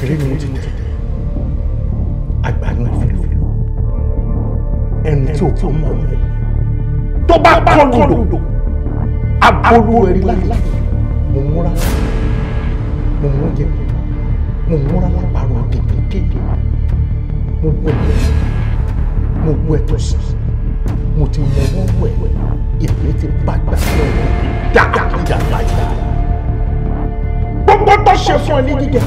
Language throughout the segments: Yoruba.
kékeré ni mo ti tẹ̀ àgbàánú ẹ̀fẹ́ lò ẹnu tí ò tó mọ̀ mi tó bá kọ́ lòdò agolo ẹ̀rí láti mo múra mo múra jẹ mo múra lápárọ̀ tètè kéde mo gbọ́ ẹ̀ mo gbọ́ ẹ̀ tó sì mo ti mọ wọn wẹ̀ ìpè ti bàgbà lọ́wọ́ dákàkújà bàjá gbogbo tó ṣe fún ẹ ní jíjẹ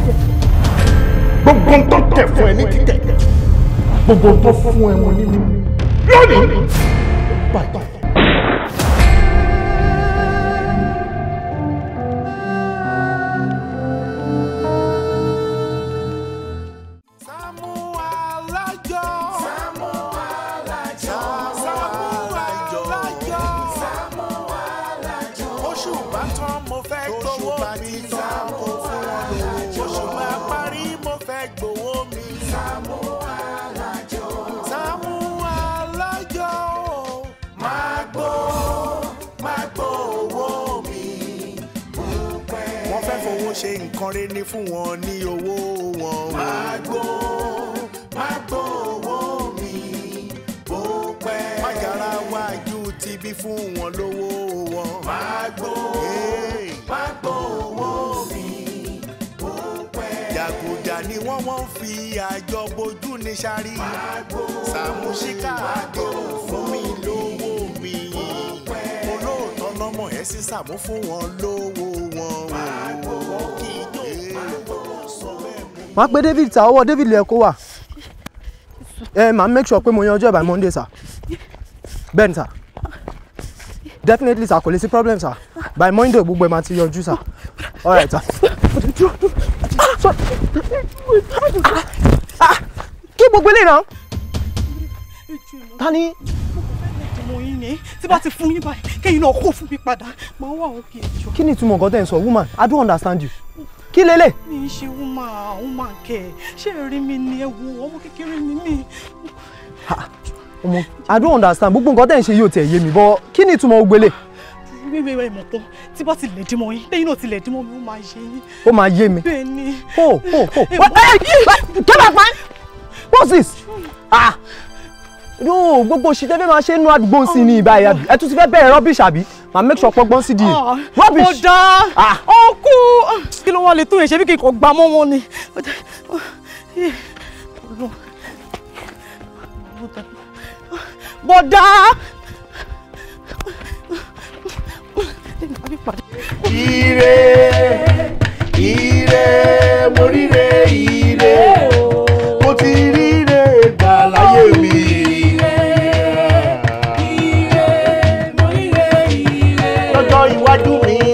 gbogbo ń tó tẹ̀ fún ẹ ní títẹ̀ gbogbo ń tó fún ẹ wọn ní mímú lónìí bàjẹ́. síbí fún wọn lówó wọn. Magbo Magbo owó mi ó pẹ́. Jàgùjà ni wọ́n wọ́n fi àjọ bojú ní sáré. Magbo Sàmúsíkà àjọ fún mi lówó mi. Olóòótọ́ lọ́mọ ẹ̀ sí Sàmú fún wọn lówó wọn. Magbo kí ijó Magbo sọ bẹ́ẹ̀ mú. Wọ́n pe David ta ọwọ́ David lè kó wà ẹ máa make sure pé mo yan ọjọ́ by Monday sir Ben, ni sir definitely sir kò lè sí problem sir by monday gbogbo ẹ máa ti yọjú sir all right sir. kí gbogbo eléyìí náà ta ni. mo yín ni tí bá ti fún yín báyìí kéyìn náà kó fún mi padà máa wà ó kì í jọ. kí ni ìtumọ̀ nǹkan tẹ̀ ń sọ woman i don't understand you kí lélẹ̀. mi ṣe woman woman kẹ ṣé rí mi ni ẹ wo ọmọ kékeré mi ni ọmọ i don't understand gbogbo nǹkan tẹ̀ ń ṣe yóò tẹ̀ yé mi bọ́ kí ni ìtumọ̀ ògbélé. wíwé ìwé ìmọ̀ tán tí bá ti lè dín mọ́ yín lẹ́yìn náà ti lè dín mọ́ mi ó máa yé yín. ó máa yé mi. bẹ́ẹ̀ ni. ho ho ho kẹ́bà pa what's this ah no gbogbo ṣì tẹ́fẹ́ máa ṣe é nu àdúgbò sí ni ìbá ìyá ẹ tún ti fẹ́ bẹ̀rẹ̀ rubbish àbí màá make sure pọ́gbọ́n sí di ah, rubbish. ọ̀dà ah. ọ̀kú kí ló wọ́n lè tún yẹn ṣe bí kì kò gbà mọ́ wọn ni. bọ̀dá. ire ire mo ríre ire mo ti ríre gbà láyé mi. lọ́jọ́ iwájú mi.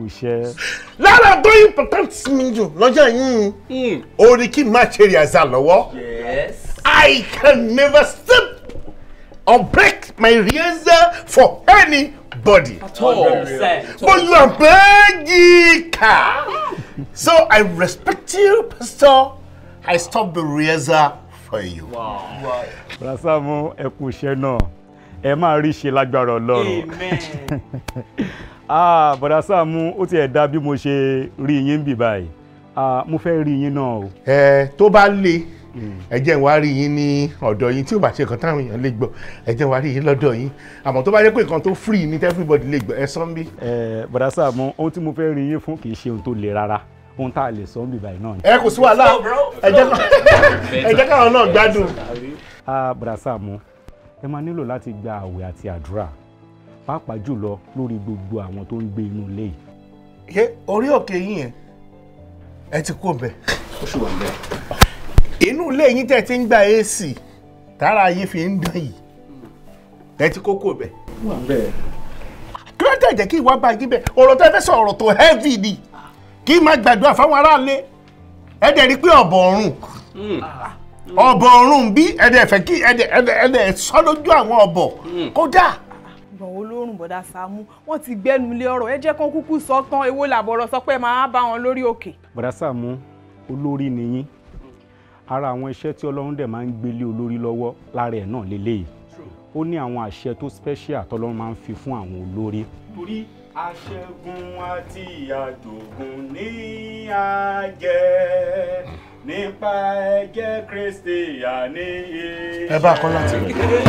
kú iṣẹ́. lára tó important mi jù lọ́jọ́ yìí orí hmm. kí n má ṣe rìàzà lọ́wọ́ I can never step or break my razor for anybody. At all. But you are magical. So I respect you, Pastor. I stop the razor for you. Wow. Wow. Rasamu, ẹ kú náà. Ẹ máa rí ṣe lágbára Ọlọ́run. Amen. ah bọ̀dá Sàámú ó tiẹ̀ dá bí mo ṣe rí yín bì báyìí ah mo fẹ́ rí yín náà o. ẹ tó bá le hmm. ẹ jẹ́ n wá rí yín ní ọ̀dọ̀ yín tí ò bá ṣe nǹkan táwọn èèyàn lè gbọ́ ẹ jẹ́ wá rí yín lọ́dọ̀ yín àmọ́ tó bá jẹ́ pé nǹkan tó free ni everybody lè gbọ́ ẹ sọ ń bí. ẹ bọ̀dá Sàámú ohun tí mo fẹ́ rí yín fún kì í ṣe ohun tó le rárá ohun tá a lè sọ ń bì báyìí náà ni. ẹ kò sí wàhálà ẹ káwọn náà gbádùn. ah bọ̀dá Sàámú ẹ máa nílò láti gba àwẹ̀ àti àdúrà pàápàá jùlọ lórí gbogbo àwọn tó ń gbé inú ilé yìí. ṣé orí òkè yín yẹn ẹ ti kó bẹ. ó ṣì ń bẹ. inú ilé yín tẹ́ ti ń gba ac tára yín fi ń dán yìí ẹ ti kó kó bẹ. wà ń bẹ. kí ló tẹ̀ kí ìwà bá yín bẹ̀ ọ̀rọ̀ tẹ́ fẹ́ sọ ọ̀rọ̀ tó heavy ni kí n gbàdúrà fáwọn aráalé ẹ dẹ̀ rí pé ọ̀bọ̀ ọ̀run hmm. ọ̀bọ̀ ọ̀run bí ẹ̀dẹ̀ fẹ́ kí ẹ̀dẹ̀ ẹ̀dẹ̀ sọ lójú àwọn ọ̀bọ̀ hmm. kódà gbọ̀n olórùn bọ̀dá Sàámú wọ́n ti gbẹ́nu lé ọ̀rọ̀ ẹ jẹ́ kán kúkú sọ tán èwo làbọ̀rọ̀ sọ pé máa bá wọn lórí òkè. bọ̀dá Sàámú olórí nìyín ara àwọn iṣẹ́ tí ọlọ́run dẹ̀ máa ń gbélé olórí lọ́wọ́ lára ẹ̀ náà lélẹ́yìí ó ní àwọn àṣẹ tó special tọ́lọ́run máa ń fi fún àwọn olórí. torí aṣẹ́gun àti àjògùn ní àjẹ́ nípa ẹ̀jẹ̀ Kristi àní. ẹ bá a kọ́ láti rẹ̀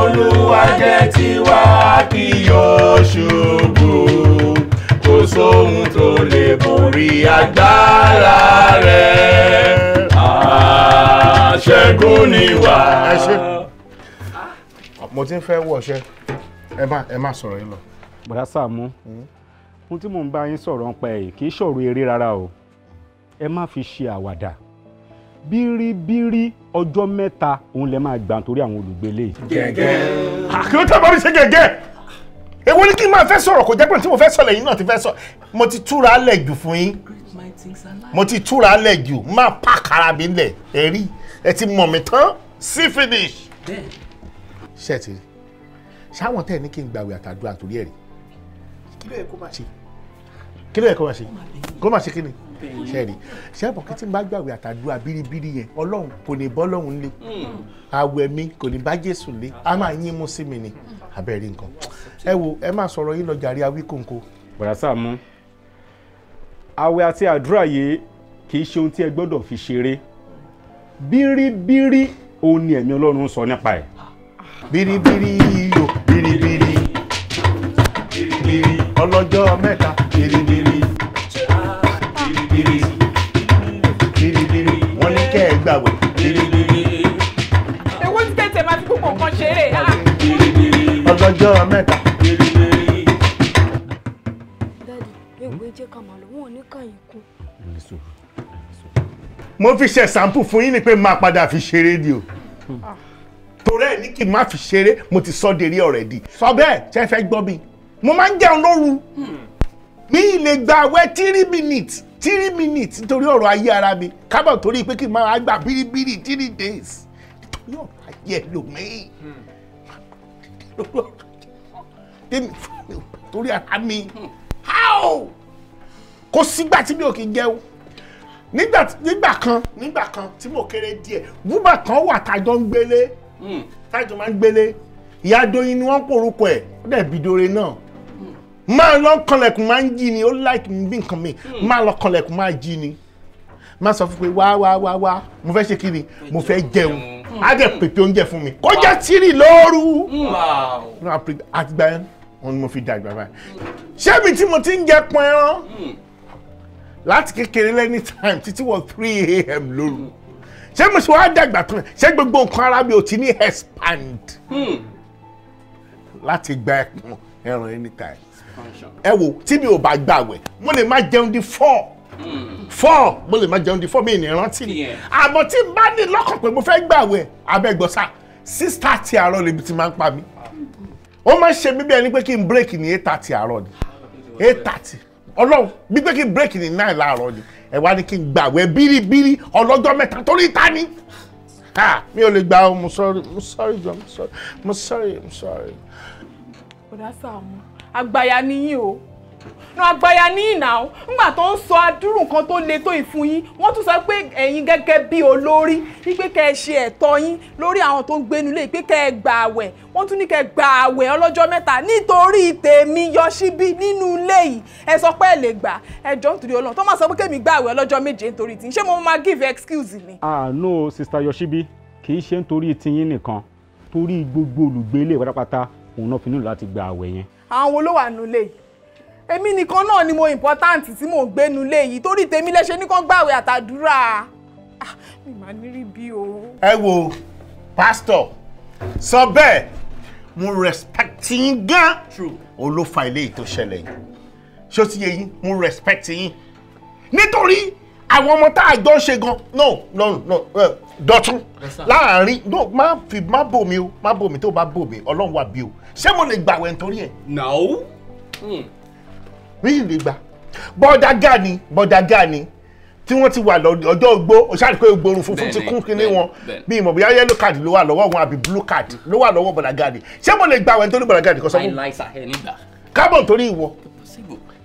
olúwa jẹ́ tiwa kí yóò ṣubú kò sóhun tó lè borí agbára rẹ̀ àṣẹ́gun ni wà. Ah, mo ti ń fẹ́ wọṣẹ́ ẹ má ẹ má sọ̀rọ̀ yín lọ. bàdá Sàámú ohun tí mò ń bá yín sọ̀rọ̀ ń pa ẹ̀ kì í ṣòro eré rárá o ẹ má fi ṣe àwàdà bíríbírí ọjọ́ mẹ́ta òun lè máa gbà nítorí àwọn olùgbélé. gẹ́gẹ́. àkìlọ́ tí a bá mi ṣe gẹ́gẹ́ èwo ni kí n máa fẹ́ sọ̀rọ̀ kò jẹ́ pé tí mo fẹ́ sọ lẹ́yìn náà ti fẹ́ sọ mo ti túra lẹ̀ jù fún yín mo ti túra lẹ̀ jù máa pa kára mi lẹ̀ ẹ rí ẹ ti mọ̀ mi tán sí finish. ṣẹ́ẹ̀tì ṣáwọn tẹ̀ ní kí n gbàwé àtàdúrà torí ẹ̀ rí kí ló yẹ kó máa ṣe kí ló yẹ kó máa ṣe kó máa ṣe kí ni ṣẹ́ẹ̀rì ṣẹ́ẹ̀bọ̀ kí tí n bá gbàwé àtàdúrà bíríbírí yẹn ọlọ́run kò ní bọ́ lọ́hùn lé hmm. àwẹ̀ mi kò ní bá jésù lé a máa yín mú sí mi ni abẹ́rẹ́ nǹkan ẹ wo ẹ máa sọ̀rọ̀ yín lọ jàre awí kòǹkò. bọ̀dá Sàámú àwẹ̀ àti àdúrà yìí kì í ṣe ohun tí ẹ gbọ́dọ̀ fi ṣeré bíríbírí òun ni ẹ̀mí ọlọ́run sọ nípa ẹ̀. bíríbírí yíyọ bíríbírí bíríbírí ọlọ́jọ́ mẹ́ta bíríbírí biribiri biribiri wọ́n ní kẹ́ ẹ gbàwẹ̀ biribiri. èwo ti tètè máa fi púpọ̀ kan ṣeré. Ah. ọgọjọ mẹ́ta. dádì ewé jẹ́ ká máa lọ wọn ò ní kàyìn kú. mo fi ṣe sàǹpù fún yín ni pé máa padà fi ṣe rédíò ah. torí ẹ ní kí n má fi ṣeré mo ti sọ dèrè ọ̀rẹ́ di sọ bẹ́ẹ̀ ṣe fẹ́ gbọ́ mi mo máa ń jẹun lóru. Hmm mi lè gba àwẹ̀ three minutes three minutes nítorí ọ̀rọ̀ ayé ara mi kábọ̀ torí pé kí n máa gbà bíríbírí three days nítorí ọ̀rọ̀ ayé ẹlòmíì tèmi fún mi torí ara mi how kò sígbà tí mi ò kì í jẹun nígbà nígbà kan nígbà kan tí mo kéré díẹ̀ búbà kan wà tájọ ń gbélé hmm. tájọ máa ń gbélé ìyá doyin ni wọ́n ń porúkọ ó dẹ̀ bìdore náà máa lọ kànlẹ̀kùn máa ń jí ni ó láìkì bí nǹkan mi hmm. máa lọ kànlẹ̀kùn máa jí ni máa sọ fún pé wá wá wá wá mo fẹ́ ṣe kiri mo fẹ́ jẹun á dẹ̀ pèpè oúnjẹ fún mi kó jẹ́ tiri lóru hmm. àtìgbà yẹn wọn ni mo fi dàgbà báyìí ṣé mi tí mo ti ń jẹ pọn ẹran hmm. láti kékeré lẹ́ni time títí wọ three a.m. lóru ṣé mo ṣe wá dàgbà tán ṣé gbogbo nǹkan ara mi ò ti ní expand láti gba ẹ̀pọ̀n ẹran anytime ẹ wo tí mi ò bá gbàwẹ̀ mo lè má jẹun di four hmm. four mo lè má jẹun di four mi ní rántí ni àmọ́ tí n bá ní lọ́kàn pé mo fẹ́ gbàwẹ̀ abẹ́gbọ́sà six thirty àárọ̀ lèbi ti máa ń pa mí ó máa ń ṣe mí bí ẹni pé kí n break ní eight thirty àárọ̀ ni eight thirty ọlọ́run bí pé kí n break ní nine láàárọ̀ ni ẹ wá ní kí n gbàwẹ̀ bíríbírí ọlọ́jọ́ mẹ́ta torí ta ni mi ò lè gbà ọ́ mo sorry mo sorry jọ mo sorry mo sorry mo sorry. kò sáà mọ́ àgbàyà nìyí o nu àgbàyà ní ìnáwó nígbà tó ń sọ adúrú nǹkan tó le tó ìfun yín wọ́n tún sọ pé ẹ̀yin gẹ́gẹ́ bí olórí wípé kẹ́ ẹ ṣe ẹ̀tọ́ yín lórí àwọn tó ń gbénu lé pé kẹ́ ẹ gbà àwẹ̀ wọ́n tún ní kẹ́ ẹ gbà àwẹ̀ ọlọ́jọ́ mẹ́ta nítorí tèmi Yoshibi nínú ilé yìí ẹ sọ pé ẹ lè gbà ẹ jọ nítorí Ọlọ́run tó máa sọ pé kémi gbà àwẹ̀ ọlọ́jọ́ méje nítorí tí ṣé mo máa give excuse ni. ah no sister Yoshibi kì í ṣe nítorí tiyín nìkan torí gbogbo olùgbé ilé pátápátá òun náà fi nílò láti gba àwẹ̀ yẹn àwọn olówó ànulè yìí èmi nìkan náà ni mo important tí mò ń gbé nulè yìí torí tèmi lẹ́sẹ̀ ní kàn gbàwé àtàdúrà ah, mi máa ní rí bí o. ẹ wo pásítọ̀ sọ bẹ́ẹ̀ mo respect yín gan olófa ilé yìí tó ṣẹlẹ̀ yìí ṣó ti yẹ yín mo respect yín nítorí àwọn ọmọ tá a jọ ṣe gan no no no eh, dọ̀tún láàrin no má fi má bò mí o má bò mí tó bá bò mí ọlọ́run wà bí o ṣé mo lè gbàwẹ̀ nítorí ẹ̀. nàó. Hmm. mi ì lè gbà bọ́dà gà ni bọ́dà gà ni tí wọ́n ti wà lọ́jọ́ ogbó òṣàdìpé ògbórun funfun ti kún kínní wọn bí ìmọ̀ bóyá yellow card ló wà lọ́wọ́ wọn àbí blue card ló wà lọ́wọ́ bọ́dà gà ni ṣé mo lè gbàwẹ̀ nítorí bọ́dà gà ni kò sọ fún mi. kábọ̀ nítorí ìwọ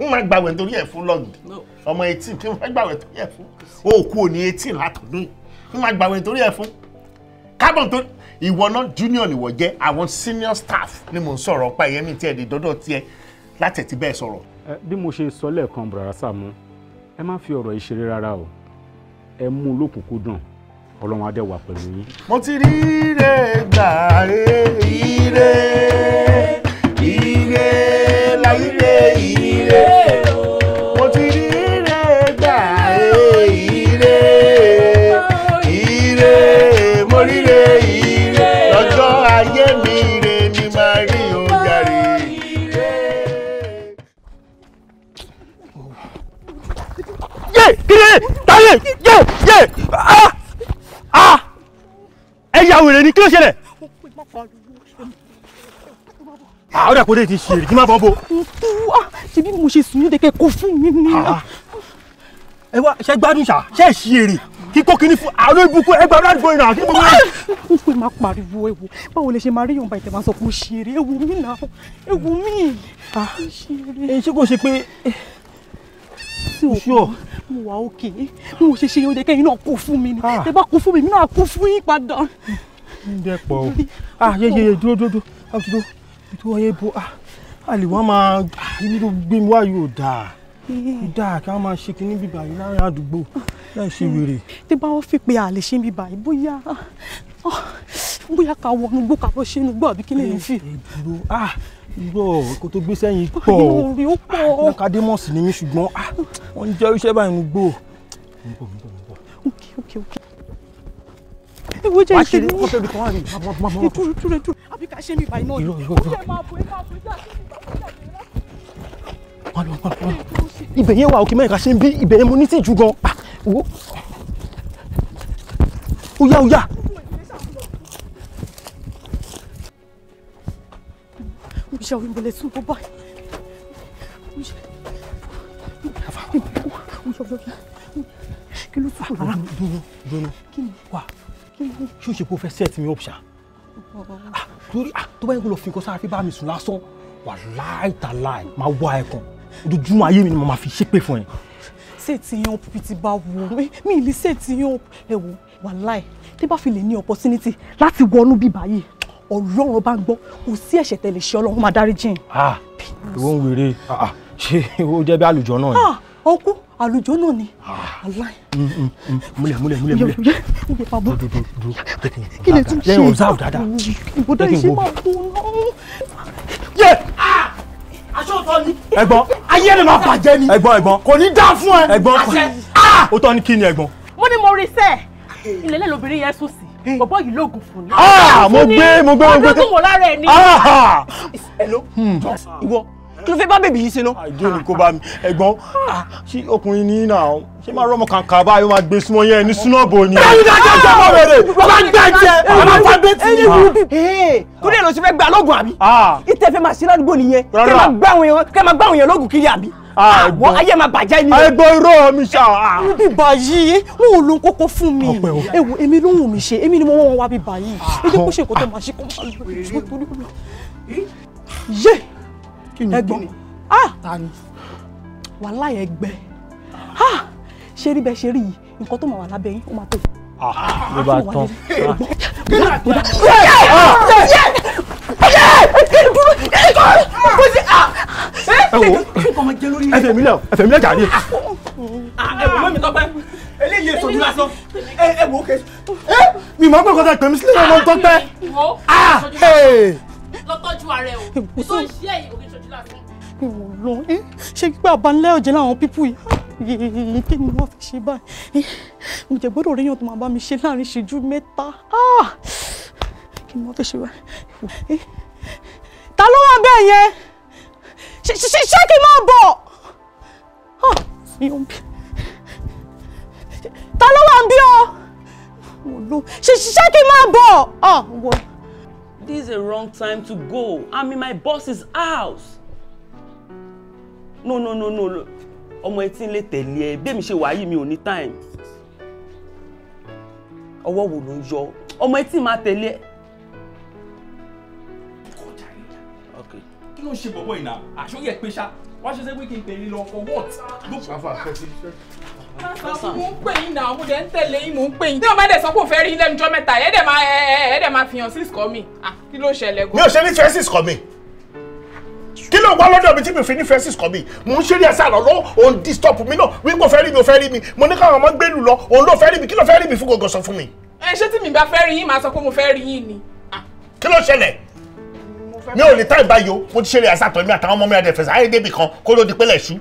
n máa gbàwẹ̀ nítorí ẹ̀ fún lọ́ọ̀dì ọmọ eighteen kí n gbàwẹ̀ torí ẹ̀ fún o kú ò látọ̀dún yìí n gbàwẹ̀ torí ẹ̀ fún carbon torí ìwọ náà junior ni wọ́n jẹ́ àwọn senior staff ni mò ń sọ̀rọ̀ ọ̀pá ìyẹn mi tiẹ̀ di dọ́dọ̀ tiẹ̀ láti ẹ̀tí bẹ́ẹ̀ sọ̀rọ̀. bí mo ṣe sọ lẹ́ẹ̀kan bùrọ̀dá Sàámú ẹ má fi ọ̀rọ̀ ìṣeré rárá o ẹ mú un ọlọ́run adé wà pẹ̀lú yín. mo ti rí ire gbà ire ire ire láyé yé yé yé ah ah ẹ yà wèrè ni kí ló ṣẹlẹ̀. àwọn ah, dàpọ̀ dé ti ṣe èrè kí má bọ́ bò. Ah, ṣe bí mo ṣe sùn yóò dẹ́kẹ́ kó fún mi ni. Ah, ẹ wá ṣe gbádùn ṣá ṣe é ṣe èrè kíkó kínní fún àárọ̀ ìbùkún ẹgbẹ́ aládùúgbò ìrìn àti gbogbo ẹ̀. n kò máa pariwo ewu báwo lè ṣe máa rí yọ̀ǹba ìtẹ̀ máa sọ pé ó ṣeré ewu mi náà ewu mi. Eh, ṣé kò ṣe pé sí òkú mo wà òkè mo ò ṣe ṣe oúnjẹ kẹ́yìn náà kú fún mi ni ah. ẹ bá kú fún mi mi náà kú fún yín padà. ń dẹ́pọ̀ o ah yeye dúró dúró dúró dúró tó wáyé bo ah àlè wọn máa ah, ibi tó gbé mi wá yóò dáa dáa kí wọn máa ṣe kínní bíbá yìí láàrin àdúgbò láì ṣe wèrè. tí bá wọn fi pé àlè ṣe bíbá yìí bóyá ah, bóyá ká wọnú gbó ká lọ ṣe inú gbọ́ àbí kí lè fi. ah irọ́ kó tó gbé sẹ́yìn pọ̀ orí ó pọ̀ academos ni mí ṣùgbọ́n ah, wọ́n ń jẹ́ iṣẹ́ báyìí ń gbò. mo ń bọ̀ mo ń bọ̀ mo ń bọ̀. ok ok ok. ìwé jẹ́ ìṣe ní ìṣe ìṣe ìṣe ìtura ìtura ìtura àbí ká ṣe mi báyìí náà ni. ibẹ̀ yẹn wà òkè mẹ́rin ká ṣe ń bí ibẹ̀ yẹn mo ní sí ìjú gan. Ah, ó yá ó yá. Musiał im byle słowo baj. Musiał... Musiał dọ́kítà. Kí ló tún kò lọ́wọ́? Dúró, dúró. Kí ni? Wà. Kí ni? Ṣé o ṣe kó fẹ́ set mi up ṣá? Ah, torí ah, tó bá yẹ kó lọ fi nǹkan sára fi bá mi sùn lásán, wà láì tà láì, máa wá ẹ̀ kan. Ojoojúmọ́ ayé mi ni mo máa fi ṣépè fún ẹ. Set yan up fi ti bá Mi ì set yan up. wo, wà láì. Tí bá fi lè ní opportunity láti wọnú bíbá yìí ọlọ́run bá ń gbọ́ kò sí ẹ̀ṣẹ̀ tẹ̀lé ṣe ọlọ́run máa dárí jìn. Ah, ìwọ ń wèrè ah, ah, ṣé ó jẹ́ bí àlùjọ náà ni. ọkú àlùjọ náà ni. Mm, mm, mm. múlẹ̀ múlẹ̀ múlẹ̀ múlẹ̀ kí ni tún ṣe lẹ́yìn ọ̀sán dáadáa ìbúdó ìṣe máa aṣọ ọ̀tọ̀ ni. ẹ̀gbọ́n ayé ẹni máa bàjẹ́ ni. ẹ̀gbọ́n ẹ̀gbọ́n kò ní dáa fún ẹ. ẹ̀gbọ́n ó tọ́ ni kí ni ẹ̀gbọ́n. mo ní mo rí sẹ́ẹ̀ ilé lẹ́lẹ́ lóbìnrin yẹn sùn sí bọ̀bọ̀ yìí lóògùn fún ni. Ah, mo gbé mo gbé mo gbé. ọdún wò lára ẹ ní. Ah. hello hmm. ìwọ kí ló fẹ́ bá bèbí yìí ṣe ná. àìdí òní kó bá mi ẹ̀gbọ́n ah, ṣé ọkùnrin ní náà ṣé máa rọ́mọ kàǹkà báyìí máa gbé súnmọ́ yẹn ní súnà bò ni. báyìí náà jẹ́ ọjọ́ bọ̀ wẹ̀rẹ̀ bàbá gbà jẹ́ bàbá fà bẹ́ẹ̀ tì í. kúrò èrò ṣe fẹ́ gbà lóògùn àbí. ìtẹ̀fẹ́ máa ṣe ládùúgbò nìyẹn kẹ́ máa gbà àwọn èèyàn lóògùn kiri àbí àwọn ayé máa bàjẹ́ ni. ẹgbẹ́ irọ́ mi ṣá. mo bí báyìí wọn ò lo kókó fún mi ewu èmi ló wù mí ṣe èmi ni mo wọ́n wá bí báyìí ah. ẹ jẹ́ kó ṣe nǹkan tó ṣe kó máa lò ó torí ó lò yé ẹ̀gbọ́n ah! wàhálà ẹgbẹ́ ṣé rí ṣe rí yìí nǹkan tó máa wà lábẹ́ yín ó máa tó. Ah, ló bá tán dúró bó ṣe à. ẹ wo ẹfẹ mi lẹ ẹfẹ mi lẹ jàre. ẹ wò mẹ́mi tọ́pẹ́ eléyìí èso ni lásán ẹ wò ó kẹ. mi máa ń gbọ́ kọ́tà pẹ̀lú sílẹ̀ ọmọ tọ́pẹ́. lọ́tọ́jú ààrẹ o ìṣó ìṣe ìwòkè ìṣojú lásán. ìwò lọ ṣé gbígbà àbánilẹ́ ọ̀jẹ̀ láwọn pípù yìí kí ni wọ́n fi ṣe báyìí mo jẹ́ gbọ́dọ̀ ríyàn tó máa bá mi ṣe láàrin ìṣẹ́jú mẹ́ta kí ni wọ́n fi ṣe báyìí ta ló wà bẹ́ẹ̀ yẹn ṣé kí n máa bọ̀ ta ló wà bí o ṣé kí n máa bọ̀. Ah, ah, This is a wrong time to go. I mean, my boss's house. No, no, no, no. Ọmọ etí ń lè tẹ̀lé ẹ. Bẹ́ẹ̀ mi ṣe wàá yìí mi ò ní time. Ọwọ́ wo ló ń yọ? Ọmọ etí máa tẹ̀lé ẹ. kí ló ń ṣe bọ̀bọ̀ ìnà àṣọyẹ pé ṣá wọ́n ṣe ṣe pé kí n tẹ̀lé lọ for what. ṣáfà kẹ́tí ṣẹ́. ṣáfà mo ń pè yín náà mo dẹ̀ ń tẹ̀lé yín mo ń pè yín. tí wọ́n bá dẹ̀ sọ pé òun fẹ́ rí lẹ́nu jọ́ mẹ́ta ẹ̀ dẹ̀ máa ẹ̀ dẹ̀ máa fihàn sí ìsìkọ́ mi ah, kí ló ṣẹlẹ̀ gan. mi ò ṣe ní fẹ́ sí ìsìkọ́ mi kí ló wá lọ́dọ̀ mi tí mi fi ní fẹ́sìs kọ́ mi mò ń ṣeré ẹ̀sà lọ́lọ́ òun disturb mi náà wí kò fẹ́ rí mi ò fẹ́ rí mi mo ní káwọn ọmọ gbẹ́lú lọ òun ló fẹ́ rí mi kí ló fẹ́ rí mi fún gògòsàn fún mi. ẹ ṣé tí mi bá fẹ́ rí yín màá sọ pé mi ò lè tá ìbáyọ mo ti ṣeré àṣàtọ̀ mi àtàwọn ọmọ mi àdẹ̀fẹ̀sẹ̀ ayé débì kan kó ló di pẹ́lẹ̀ ṣú.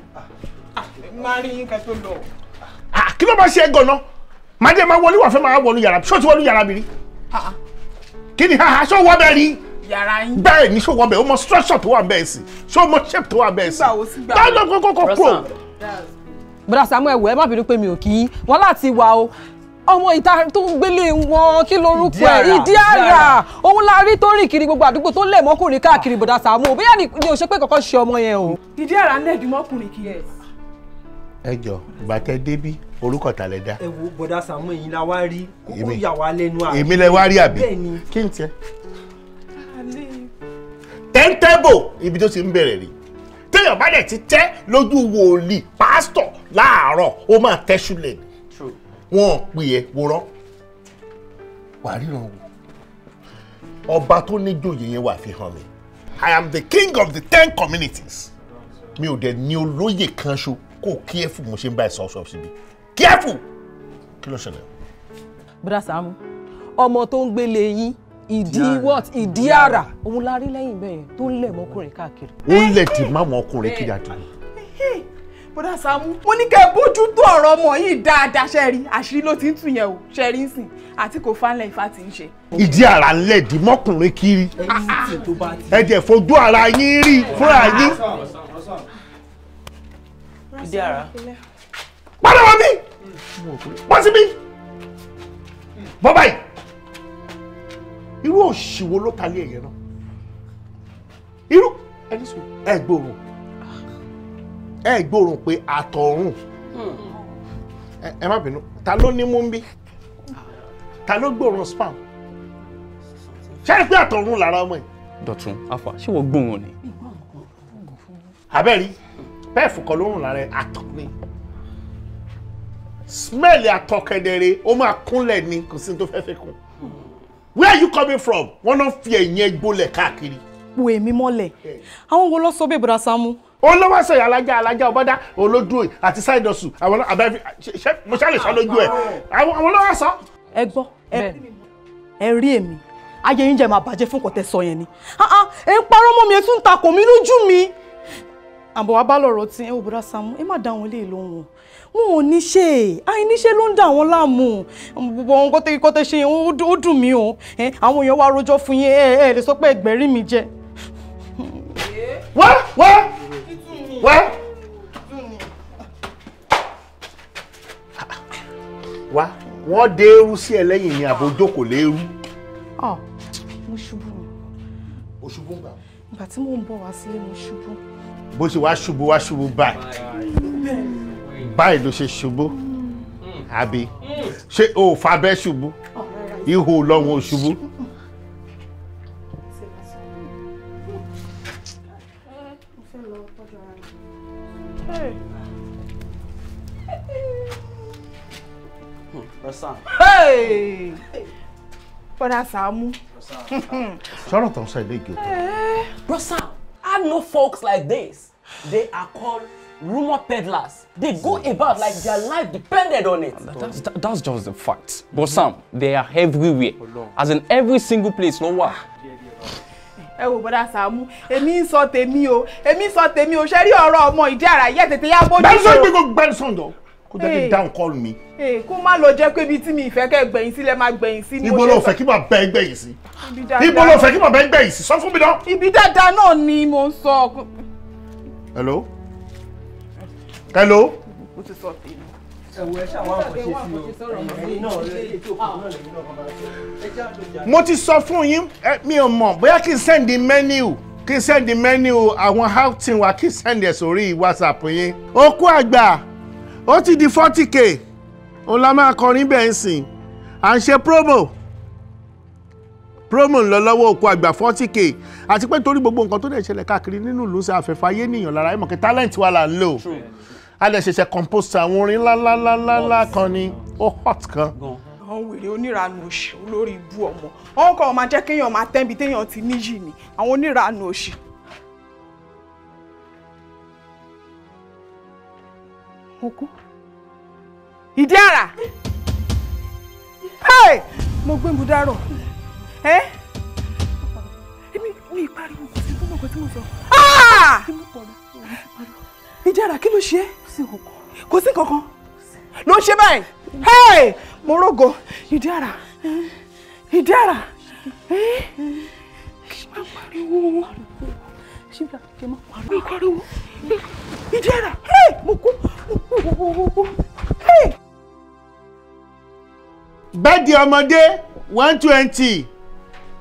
Ah, kí ló máa ṣe é gan-an máa dé máa wọlé wà máa wọlé yàrá ṣó wọlé yàrá mi rí. kí ni ṣó wọ bẹ́ẹ̀ rí. bẹ́ẹ̀ ni ṣó wọ bẹ́ẹ̀ o mọ structure tó wà bẹ́ẹ̀ sí ṣó mọ shape tó wà bẹ́ẹ̀ sí. báwo ló kọ́kọ́ pro. bùrọ̀sà mú ẹ̀wọ̀ má bínú pé mi ò kí wọ́n láti wà o ọmọ ìta tó ń gbélé wọn kí lorúkọ ẹ ìdí àrà òun la rí tó rìn kiri gbogbo àdúgbò tó lẹ̀ mọ́kùnrin káàkiri bọ̀dà Sàámú bóyá ni o ṣe pé kọ̀kọ́ ṣe ọmọ yẹn o. ìdí àrà ń lẹ̀dí mọ́kùnrin kì í ẹ̀. ẹ jọ gbàtẹ débí orúkọ ta lẹ dá. ẹ wo bọ̀dà Sàámú èyí la wá rí kókó yà wá lẹ́nu àbí. èmi lẹ wá rí àbí kí n tiẹ. tẹ́ńtẹ́bò ibi tó ti ń bẹ̀rẹ̀ rí téèyàn bá dẹ̀ ti tẹ́ lójú wòlíì wọ́n pè ẹ́ wòrán wà ríran wò ọba tó níjòyè yẹn wà fi hàn mi i am the king of the ten communities mi ò dẹ̀ ní olóyè kan ṣo kó careful mo ṣe ń bá ẹ̀ sọ́ọ́sọ́ síbi careful kí ló ṣẹlẹ̀. bùdá Sàámú ọmọ tó ń gbélé yín ìdí what ìdí àrà òun la rí lẹ́yìn bẹ́ẹ̀ tó ń lẹ̀ mọ́kùnrin káàkiri. ó ń lẹ̀ tì máwọn ọkùnrin kiri àdúgbò bọ́dà Sàámú mo ní kẹ́ ẹ bójú tó ọ̀rọ̀ ọmọ yìí dáadáa ṣe rí àṣírí ló ti ń tù yẹn o ṣe rí nsìn àti kò fánlẹ̀ ìfà ti ń ṣe. ìdí ara ńlẹ̀ dì mọ́kùnrin kiri ẹ̀jẹ̀ fojú ara yín rí fúnra yín. ìdí ara. padà wá bí wọ́n ti bí bọ́ báyìí irú òṣìwò ló ta lé ẹ̀yẹ náà irú ẹni sùn ẹ gbóòórùn pé àtọ̀run ẹ má bínú ta ló ní mú bí ta ló gbóòórùn spam ṣé ẹ pé àtọ̀run lára ọmọ ẹ. dọ̀tún afa ṣé wọ́n gbóòórùn ni. abẹ́rí bẹ́ẹ̀ fòkàn lórùn lára ẹ àtọ̀ ni smell àtọ̀kẹ̀dẹ̀rẹ̀ ó máa kúnlẹ̀ ni kò sí ní tó fẹ́ fẹ́ kún where are you coming from wọ́n náà fi ẹ̀yìn ẹgbólẹ̀ káàkiri. wo èmi mọ́lẹ̀ àwọn wo ló sọ bẹ́ẹ̀ bọ́dà Sàámú òun ló wá sọ alájà alájà ọbọdá olódùn àti sáìdọ̀sù àwọn àbẹ́fẹ́ ṣe mo ṣàlè sọ lójú ẹ̀ àwọn ló wá sọ. ẹ gbọ́ ẹ rí èmi ayé yín jẹ́ máa bàjẹ́ fún kọ̀tẹ́ sọ yẹn ni ẹ ń parọ́ mọ́ mi ẹ tún ń takò mí lójú mi. àbọ̀ wa bá lọ̀rọ̀ tí ẹ wò bọ́dá Sàámú ẹ má dá wọn lé lóhùn wọn ò níṣe àìníṣe ló ń dà wọn láàmú gbogbo ohun kọ́tẹ́ kọ́tẹ́ ṣe yẹn ó dùn mí o àwọn èèyàn wá rojọ́ fún yín ẹ ẹ lè sọ pé ẹgbẹ̀rín mi jẹ. wá wá wá. wá wọ́n dé eru sí ẹ lẹ́yìn ni àbójó kò léru. ọ mo ṣubú ni. o ṣubú ń gbà. ìgbà tí mò ń bọ̀ wá sílé mo ṣubú. bó ṣe wá ṣubú wá ṣubú báyìí báyìí ló ṣe ṣubú hmm. àbí ṣé o ò fa bẹ́ẹ̀ ṣubú ihò lọ́wọ́ ṣubú. lọ pọ̀jù ara rẹ̀. Bọ́dà Sàámú. Sọ̀rọ̀ tó ń sọ ilé ìgbé tó. Brosa, I know folks like this. They are called rumor peddlers. They go about like their life depended on it. That's, that, that's just the fact. But Sam, they are everywhere. As in every single place, no why ẹ wò bọ́dà Sàámú èmi ń sọ tèmi o èmi ń sọ tèmi o ṣe rí ọ̀rọ̀ ọmọ ìdí àrà yẹ tètè yá bójú. gbẹ́sán gbogbo gbẹ́sán jọ kó jẹ́ kí down call eh. mi. Eh, kó má lọ jẹ́ pé ibi tí mi ìfẹ́ kẹ́ gbẹ̀yìn sílẹ̀ máa gbẹ̀yìn sí. ibo ló fẹ́ kí màá bẹ́ gbẹ̀yìn sí. ibo ló fẹ́ kí màá bẹ́ gbẹ̀yìn sí sọ fún mi náà. ibi dáadáa náà ni mo ń sọ. hello hello. o ti sọ tèmi mo ti sọ fún yín mi ò mọ̀ bóyá kí n send the menu kí n send the menu àwọn outing wa kí n send ẹ̀ sórí whatsapp yín. okú àgbà ó ti di forty k òun la máa kọrin bẹ́ẹ̀ ń sìn à ń ṣe promo promo ńlọ lọ́wọ́ òkú àgbà forty k àti pé torí gbogbo nǹkan tó dẹ̀ ṣẹlẹ̀ káàkiri nínú ìlú ṣe àfẹ́fà ayé nìyàn lára ẹ̀ mọ̀ kí talent wa là ń lò a lè ṣẹ̀ṣẹ̀ compose àwọn orin ńláńláńláńlá kan ni ó hot kan. àwọn wèrè oníranù òṣì olórí ibú ọmọ wọn kàn máa jẹ́ kéèyàn máa tẹ́bi téèyàn ti níyì ni àwọn oníranù òṣì. okú ìdí àrà mo gbé mu dárò ẹ èmi mi ìpariwo kò sí fún ọkọ tí mo sọ. Ah! ìdí àrà kí ló ṣe é sí kankan kò sí kankan ló ń ṣe báyìí hey mo rògo ìdára ìdára kí n má pariwo ṣíbíà kí n má pariwo mi pariwo ìdára hey mo kú mo hey. bẹ́ẹ̀ di ọmọdé one twenty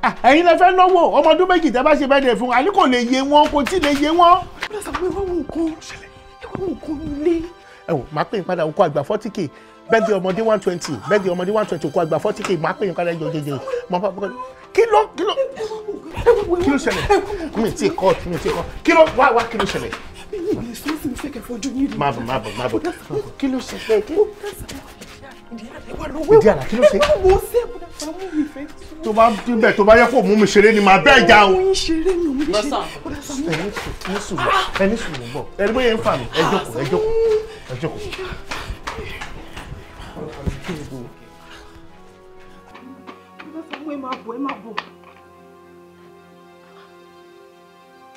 ah, ẹ̀yin lè fẹ́ náwó ọmọ ọdún méjì tẹ́ bá ṣe bẹ́ẹ̀ dẹ̀ fún wa àní kò lè yé wọn kò tí ì lè yé wọn. ọlọ́sàn mi wọ́n mú un kó ṣẹlẹ̀ tọrọ òkú nílé. ẹ wò máa pè é padà òkú àgbà forty k bẹ́ẹ̀dì ọmọdé one twenty bẹ́ẹ̀dì ọmọdé one twenty òkú àgbà forty k máa pè é padà jọjọjọ mọ bá bọ́ kí ló kí ló kí ló ṣẹlẹ̀ mi ti kọ́ mi ti kọ́ kí ló wá wá kí ló ṣẹlẹ̀. mi ò lè sọ́ọ́sì mi fẹ́ kẹ́ fojú yín rí. má bọ̀ má bọ̀ má bọ̀ kí ló ṣẹlẹ̀ kí ló ṣẹlẹ̀ ìdí àlà kí ló ṣe. tó bá débẹ̀ tó bá yẹ kó mú mi ṣeré ni màá bẹ́ẹ̀ já o. mo ń ṣeré mi ò ń ṣeré. ẹni sùn ẹni sùn ló ń bọ̀ ẹni bóyá ń fà mí ẹ jókòó ẹ jókòó ẹ jókòó.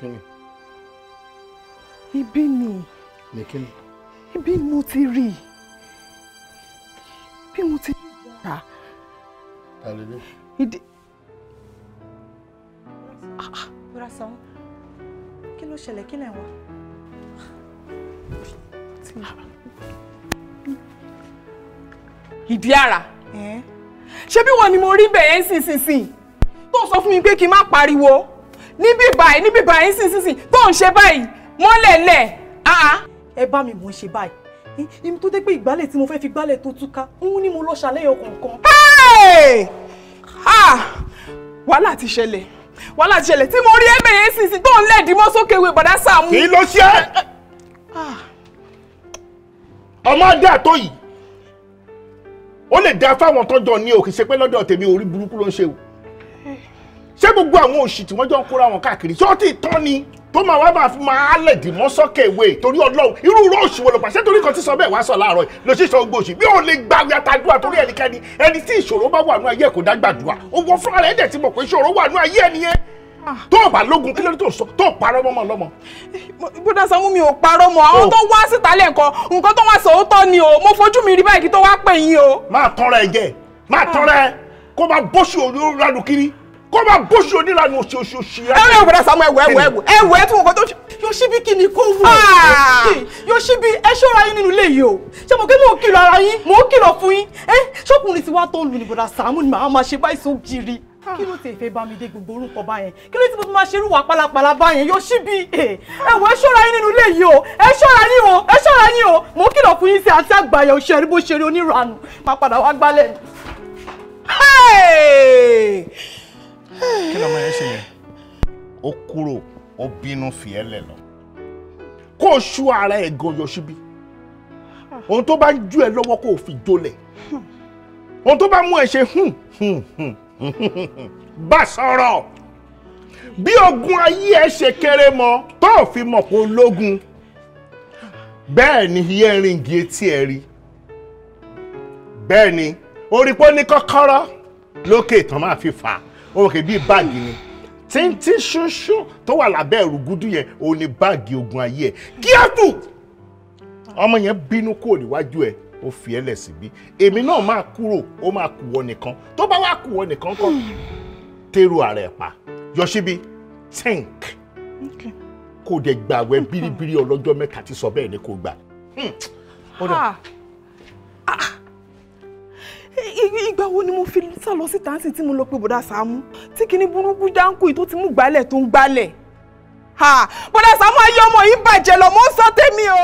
kíni. ibi ni. ni kíni. ibi mo ti rí i bí mo ti rà. Tàlélé. Ìdí. Bùrà Sàn, kí ló ṣẹlẹ̀ kí lẹ̀ wá? Ìdí àrà. Ṣé bí wọn ni mo rí bẹ̀yẹn sísinsìn? Tó ń sọ fún mi pé kí n má pariwo. Níbí báyìí níbí báyìí sísinsìn tó ń ṣe báyìí mọ́lẹ̀lẹ̀. Ah! Ẹ bá mi mò ṣe báyìí ibi tó dé pé ìgbálẹ̀ tí mo fẹ́ fi gbálẹ̀ tó túká òun ni mo lọ ṣàlẹ́yọ kọ̀ọ̀kan. Ah! wàhálà ti ṣẹlẹ̀ wàhálà ti ṣẹlẹ̀ tí mo rí ẹgbẹ́ yẹn sì sí tó ń lẹ́ẹ̀dì mọ́ sókè ìwé bàdá Sàámú. kì í lọ ṣe ah! ọmọ adé àtọ yìí ó lè dá fáwọn tó jọ ní òkè ṣe pé lọ́dọ̀ tèmi orí burúkú ló ń ṣe o eh. ṣé gbogbo àwọn òṣì tí wọ́n jọ ń kóra wọn káàkiri ṣé ó ti tán ni tó máa wá máa fi máa lẹ̀dì mọ́ sọ́kẹ̀ ìwé torí ọlọ́run irú rọ́ọ̀ṣì wo ló pàṣẹ torí kan tí sọ bẹ́ẹ̀ wá sọ láàárọ̀ ló ṣe sọ gbogbo òṣì bí òun lè gba àwọn àtàdúrà torí ẹnikẹ́ni ẹni tí ìṣòro bá wà ní ayé kò dágbàdúrà owó fúnra rẹ̀ dẹ̀ ti mọ̀ pé ìṣòro wà ní ayé ẹni yẹn ah. tó o bá lógun kí ló dé tó sọ tó o parọ́ mọ́mọ́ lọ́mọ. bódà Sàámú mi ò parọ́ mọ́ àwọn oh. tó wá síta lẹ́ẹ̀kan nǹkan tó wá sòótọ́ ni o mo fojú mi rí báyìí kí tó wá pè yín o. máa tọrọ ẹ jẹ máa ah. tọrọ ẹ kó máa bóṣù olóró lálùkiri kó máa bóṣù onílànà oṣooṣooṣù. ẹ wẹ wẹrẹ Saamu ẹwẹ ẹwẹ ẹwẹ tí wọn kọ tó yóò ṣí bí kíni kó wù. Ah! yóò ṣí bí ẹ ṣọ́ra yín nínú ilé yìí o ṣé mo kí mò ń kìlọ̀ ara yín mò ń kìlọ̀ fún yín ẹ ṣọkùnrin tí wàá tó ń ní bọ̀dà Saamu ni màá máa ṣe báyìí sóò jìrì ah. kí ló tẹ̀ fẹ́ bá mi dé gbogbo orúkọ báyẹn kí ló tí mo fi máa ṣerú wà pálapàla báyẹn yóò ṣí bí ẹ ẹ ṣọ́ra yín nínú ilé yìí o ẹ ṣọ́ra yín o ẹ ṣọ́ra yín o mò ń kìlọ̀ fún yín sí àti àgbàyà òṣèré bó ṣeré onírànù máa padà wá gbálẹ̀ ni kí lọ́mọ yẹn ṣe yẹn ó kúrò ó bínú fi ẹ́ lẹ̀ lọ kó o ṣú ara ẹ̀ gan yọ síbí ohun tó bá ń jú ẹ lọ́wọ́ kó o fi jólẹ̀ ohun tó bá mú ẹ ṣe hùn hùn hùn bá sọ̀rọ̀ bí ogun ayé ẹ ṣe kéré mọ tó ò fi mọ̀ pé ológun bẹ́ẹ̀ ni yẹ́rìngì etí ẹ rí bẹ́ẹ̀ ni orí pé ní kọ́kọ́rọ́ lókè tán máa fi fà á ó rò pé bíi báàgì ni tíntín ṣoṣo tó wà lábẹ́ ẹ̀rù gúdú yẹn òun ni báàgì ogun ayé ẹ̀ kíákù ọmọ yẹn bínú kúrò níwájú ẹ̀ ó fi ẹ́ lẹ̀ síbí èmi náà máa kúrò ó máa kù wọ nìkan tó bá wá kù wọ nìkan kọ́ tẹ́rù ààrẹ pa yọ̀ṣíbi tink kò dẹ̀ gbàwẹ̀ bíríbírí ọlọ́jọ́ mẹ́ta ti sọ bẹ́ẹ̀ ni kò gbà. Hmm. ó ìgbà wo ni mo fi sá lọ síta sí tí mo lọ pé bọ́dà Sàámú tí kinní burúkú jáǹkù yìí tó ti mú gbálẹ̀ tó ń gbálẹ̀ bọ́dà Sàámú ayé ọmọ yìí bàjẹ́ lọ mo sọ tèmi o.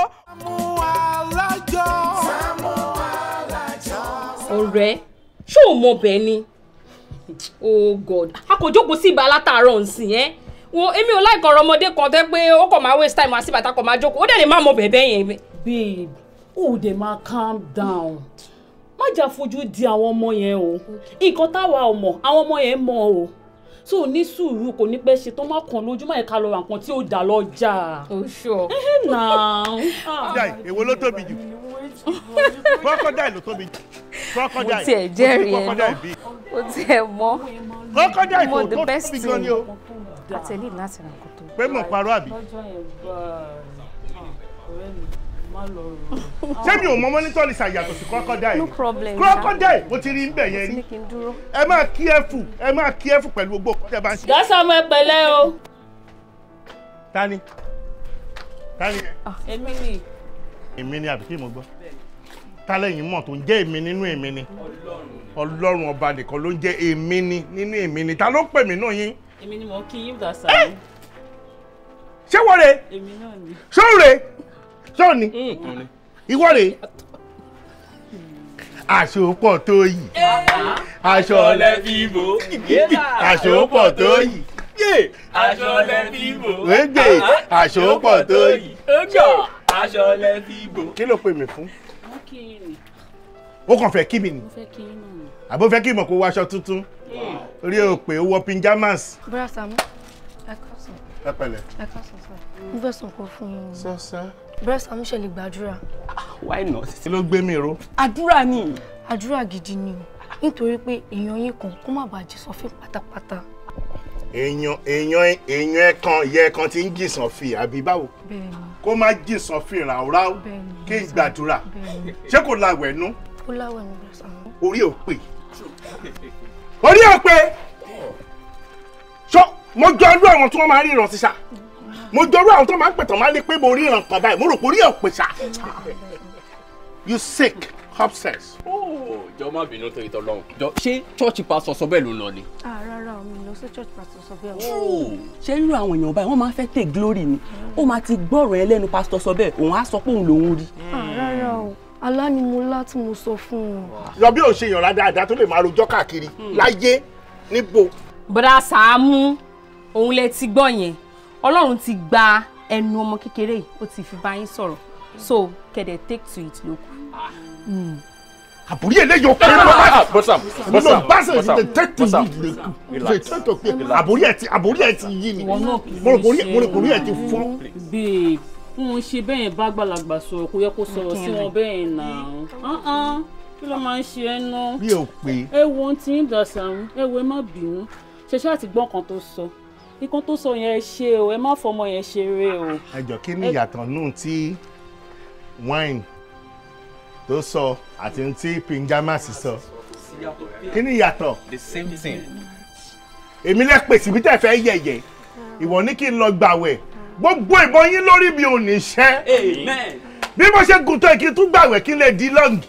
ọ̀rẹ́ ṣé o mọ bẹ́ẹ̀ ni oh god a kò jókòó sí ibà látàárọ̀ nsìn ẹ́ wo èmi ò láì kọ̀rọ̀ ọmọdé kan tẹ́ pé ó kọ̀ máa waste time àti bàtà kọ̀ máa jókòó ó dẹ̀ lè má mọ bẹ̀ẹ̀ bẹ́ẹ̀ yẹn. babe o oh, dey ma calm down. Mm má jà fojú di àwọn ọmọ yẹn o nǹkan táwa ò mọ̀ àwọn ọmọ yẹn mọ̀ o tó ní sùúrù kò ní pẹ́ ṣe tó má kàn lójúmọ́ ẹ̀ka lọ ra nǹkan tí ó dà lọ́jà. o ṣọ. náà. èwo ló tóbi jù crocodile ló tóbi jù crocodile. mo tiẹ̀ jẹ́rìí ẹ̀ náà mo tiẹ̀ mọ́ crocodile tó tóbi gan ni o. àtẹ̀lé láti ra nǹkan tó. pé mo parọ́ àbí. lọ́jọ́ yẹn ah, ọ̀rẹ́ mi. ṣé mi ò mọ mọ́nítọ́ ní ṣàyàtọ̀ sí crocodile no problem crocodile mo ti rí ń bẹ̀ yẹn rí ẹ máa kí ẹ fù ẹ máa kí ẹ fù pẹ̀lú gbogbo ọkọ tẹ bá ń ṣe. gásà ọmọ ẹpẹlẹ o. tani tani. Ah, èmi ni. èmi ni àbí kí mo gbọ́ tálẹ́yìn mọ̀ tó ń jẹ́ èmi nínú èmi ni ọlọ́run ọba nìkan ló ń jẹ́ èmi ni nínú èmi ni ta ló pè mí náà yín. èmi ni mo kí yín gàṣà. Eh! ṣé wọ́n rè é ṣé wọ́n rè ṣé ò ní ìwọ aso le tó yìí aṣọ lẹ́bí bò àṣòpọ̀ tó yìí aṣọ lẹ́bí bò wégbè àṣòpọ̀ tó yìí aṣọ lẹ́bí bò. kí ló pè mí fún. ó kàn fẹ́ kí mi ni àbó fẹ́ kí mọ̀ kó wáṣọ tuntun rí o pé ó wọ pinjamas. bọ́lá Sàámú ẹ kọ́ sọ. ẹ pẹ̀lẹ́. ẹ kọ́ sọ sọ. mo fẹ́ sọ̀kọ fún un. sọ sọ. Bros Amúṣe lè gbàdúrà. Why not? Ṣé ló gbé mi ró? Àdúrà ni. Àdúrà gidi ni o. Nítorí pé èèyàn yín kan kó má bàa jẹ sọfín pátápátá. Èèyàn èèyàn èèyàn ẹ̀kan ìyá ẹ̀kan ti ń jì sọ̀fìn àbí báwo? Bẹ́ẹ̀ni. Kó má jì sọ̀fìn ràúráú. Bẹ́ẹ̀ni. Kí n gbàdúrà. Bẹ́ẹ̀ni. Ṣé kò lawẹ̀ nú? Ó lawẹ̀ nú Bros Orí ò pè. Orí ò pè. Ṣọ́ mo jọ ọdún àwọn tí wọ́n máa ń ríran sísá mo jọrú àwọn tó máa ń pẹ̀tàn máa ń pé mo ríran kan báyìí mo rò pé orí ẹ̀ sá. you sick upstairs. Oh, jọ má bínú tó ìtọ́ lọ́hùn. jọ ṣé church pastor sọ bẹ́ẹ̀ ló ń lọ ni. Ah, rárá o lọ sí church pastor sọ bẹ́ẹ̀. Oh. ṣé irú àwọn èèyàn báyìí wọ́n máa ń fẹ́ tẹ̀ glory ni ó máa ti gbọ́rọ̀ ẹ pastor sọ bẹ́ẹ̀ òun á sọ pé òun lòún rí. Ah, rárá o alá ni mo lá tí mo sọ fún un. lọ bí o ṣe yànra dáadáa tó lè máa rojọ́ káàkiri hmm. láyé níbo. bọ́dà Sàámú òun lè ti gbọ́ yẹn ọlọ́run ti gba ẹnu ọmọ kékeré yìí ó ti fi bá yín sọ̀rọ̀ so kẹ̀dẹ̀ take to it ló kù. Hmm. àbúrí eléyìí òkè ló ah, ah, bá bọ́sàm bọ́sàm bọ́sàm take to it ló kù ṣe take to it àbúrí ẹ̀ ti àbúrí ẹ̀ ti yí ni mọ̀lẹ́kùnrin ẹ̀ ti fọ́. babe n ṣe bẹ́ẹ̀ bá gbàlagbà sọ̀rọ̀ kó yẹ kó sọ̀rọ̀ sí wọn bẹ́ẹ̀ náà uh-uh. kí ló máa ń ṣe ẹ́ ná. bí o pé. ẹ wo ohun tí ń dàsàmú ẹ wo ẹ má bínú ṣẹṣẹ àti gbọ́n kan tó sọ. So ikán tó sọ yẹn ṣe o ẹ má fọmọ yẹn ṣeré o. ẹ jọ kí ni ìyàtọ̀ nù tí wine tó sọ àti tí pinjamas sọ kí ni ìyàtọ̀. the same thing. èmi lẹ pè síbi tẹ́ fẹ́ yẹ̀yẹ̀ ìwọ ní kí n lọ gbàwẹ̀ gbogbo ìbọn yín lórí mi ò ní ṣẹ́. amen. bí mo ṣe gùn tó kí n tún gbàwẹ̀ kí n lè di lọ́ọ̀gì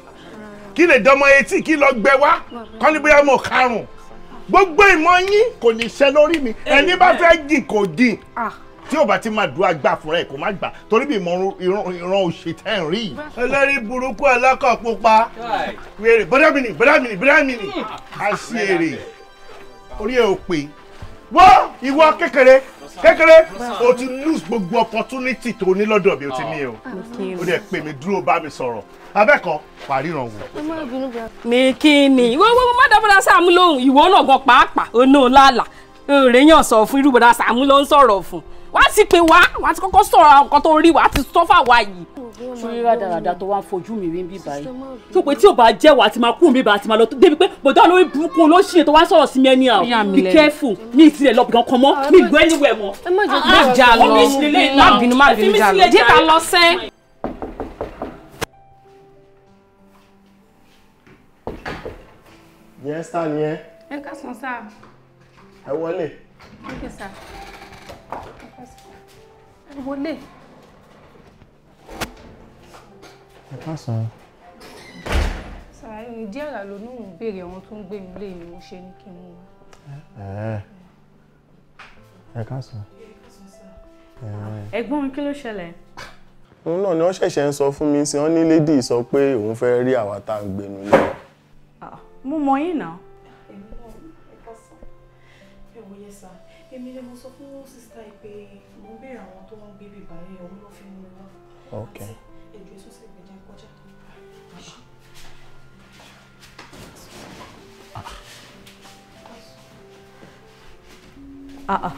kí n lè dánmọ etí kí n lọ gbẹ wá kọ́ni bóyá mo karùn-ún gbogbo ìmọ̀ yín kò ní ṣe lórí mi ẹni bá fẹ́ jìn kò dín ah. tí ò bá ti máa dúró agbá fúnra ẹ kò má gbà torí bí ìmọ̀ ìran òṣè tẹ́ ń rí yìí. olórí burúkú alákọ̀ọ́pọ̀pá wèrè bọ́dá mi nì bọ́dá mi nì bọ́dá mi nì àṣìírè hmm. orí ẹ ò pé wọ́n ìwọ kékeré kékeré o ti lose gbogbo opportunity tó ní lọ́dọ̀ mi o ti ní o ó oh, dẹ̀ pè mí dúró bá mi sọ̀rọ̀ abẹ́kọ̀ pàríran wò. mi kí ni wọ́n wọ́n má dábọ́dá Sàámú lóhùn ìwọ náà gan pàápàá oná làlà èrè yàn sọ fún irú bọ́dá Sàámú ló ń sọ̀rọ̀ fún wá sí pé wá wá ti kọ́kọ́ sọ̀rọ̀ àwọn nǹkan tó rí wá ti sọ fáwa yìí. sórí rádaràda tó wá ń fojú mi rí bí báyìí tó pé tí ò bá jẹ́ wà á ti máa kú mi bá a ti máa lọ débi pé bọ̀dá lórí burúkú ló ṣì tó wá sọ̀rọ̀ sí mi ẹni à be careful mi ì tilẹ̀ lọ gan kan mọ́ mi gbọ́ ẹni wẹ̀ mọ́. ẹ má jẹ́ kí wọ́n jà ah, lọ má bínú má bínú jà lọ yẹn sá ni ẹ. ẹ káàsán sá. ẹ wọlé. ok sá. ẹ wọlé. ẹ káàsán. sàràyè ìdí àrà ló ní òun béèrè àwọn tó ń gbé mi lé ni mo ṣe ní kí n mú wa. ẹ ẹ káàsán. ẹ̀gbọ́n mi kí ló ṣẹlẹ̀ òun náà ni wọ́n ṣẹ̀ṣẹ̀ ń sọ fún mi sí wọ́n ní lédì sọ pé òun fẹ́ rí àwa tá à ń gbénu lọ mọ yín náà. èmi náà ẹ ká sàn ẹ wò yẹ sà èmi mo sọ fún sísá yìí pé mo ń béèrè àwọn tó ń gbé bíbá yẹn òun ló fi mú mi wá. ok ẹjọ èso sì gbẹjà kọjá. Ah ah,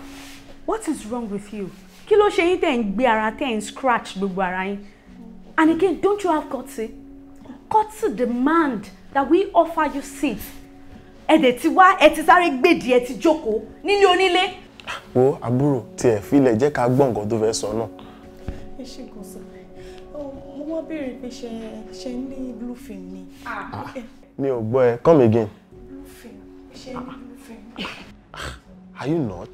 what is wrong with you? Kí ló ṣe yín tẹ̀ ń gbé ara tẹ̀ ń scratch gbogbo ara yín? And again, don't you have courtesy? Courtesy demand that we offer you seat ẹ̀dẹ̀ ti wá ẹ ti sáré gbèdì ẹ ti jókòó nílé onílé. wo àbúrò tiẹ̀ filẹ̀ jẹ́ ká gbọ́ nǹkan tó fẹ́ sọ náà. ẹ ṣe kàn sọ mo wá béèrè pé ṣe ṣe ní blue film ni. Ah. mi ò gbọ́ ẹ come again. blue film ṣe blue film. Ah, are you not?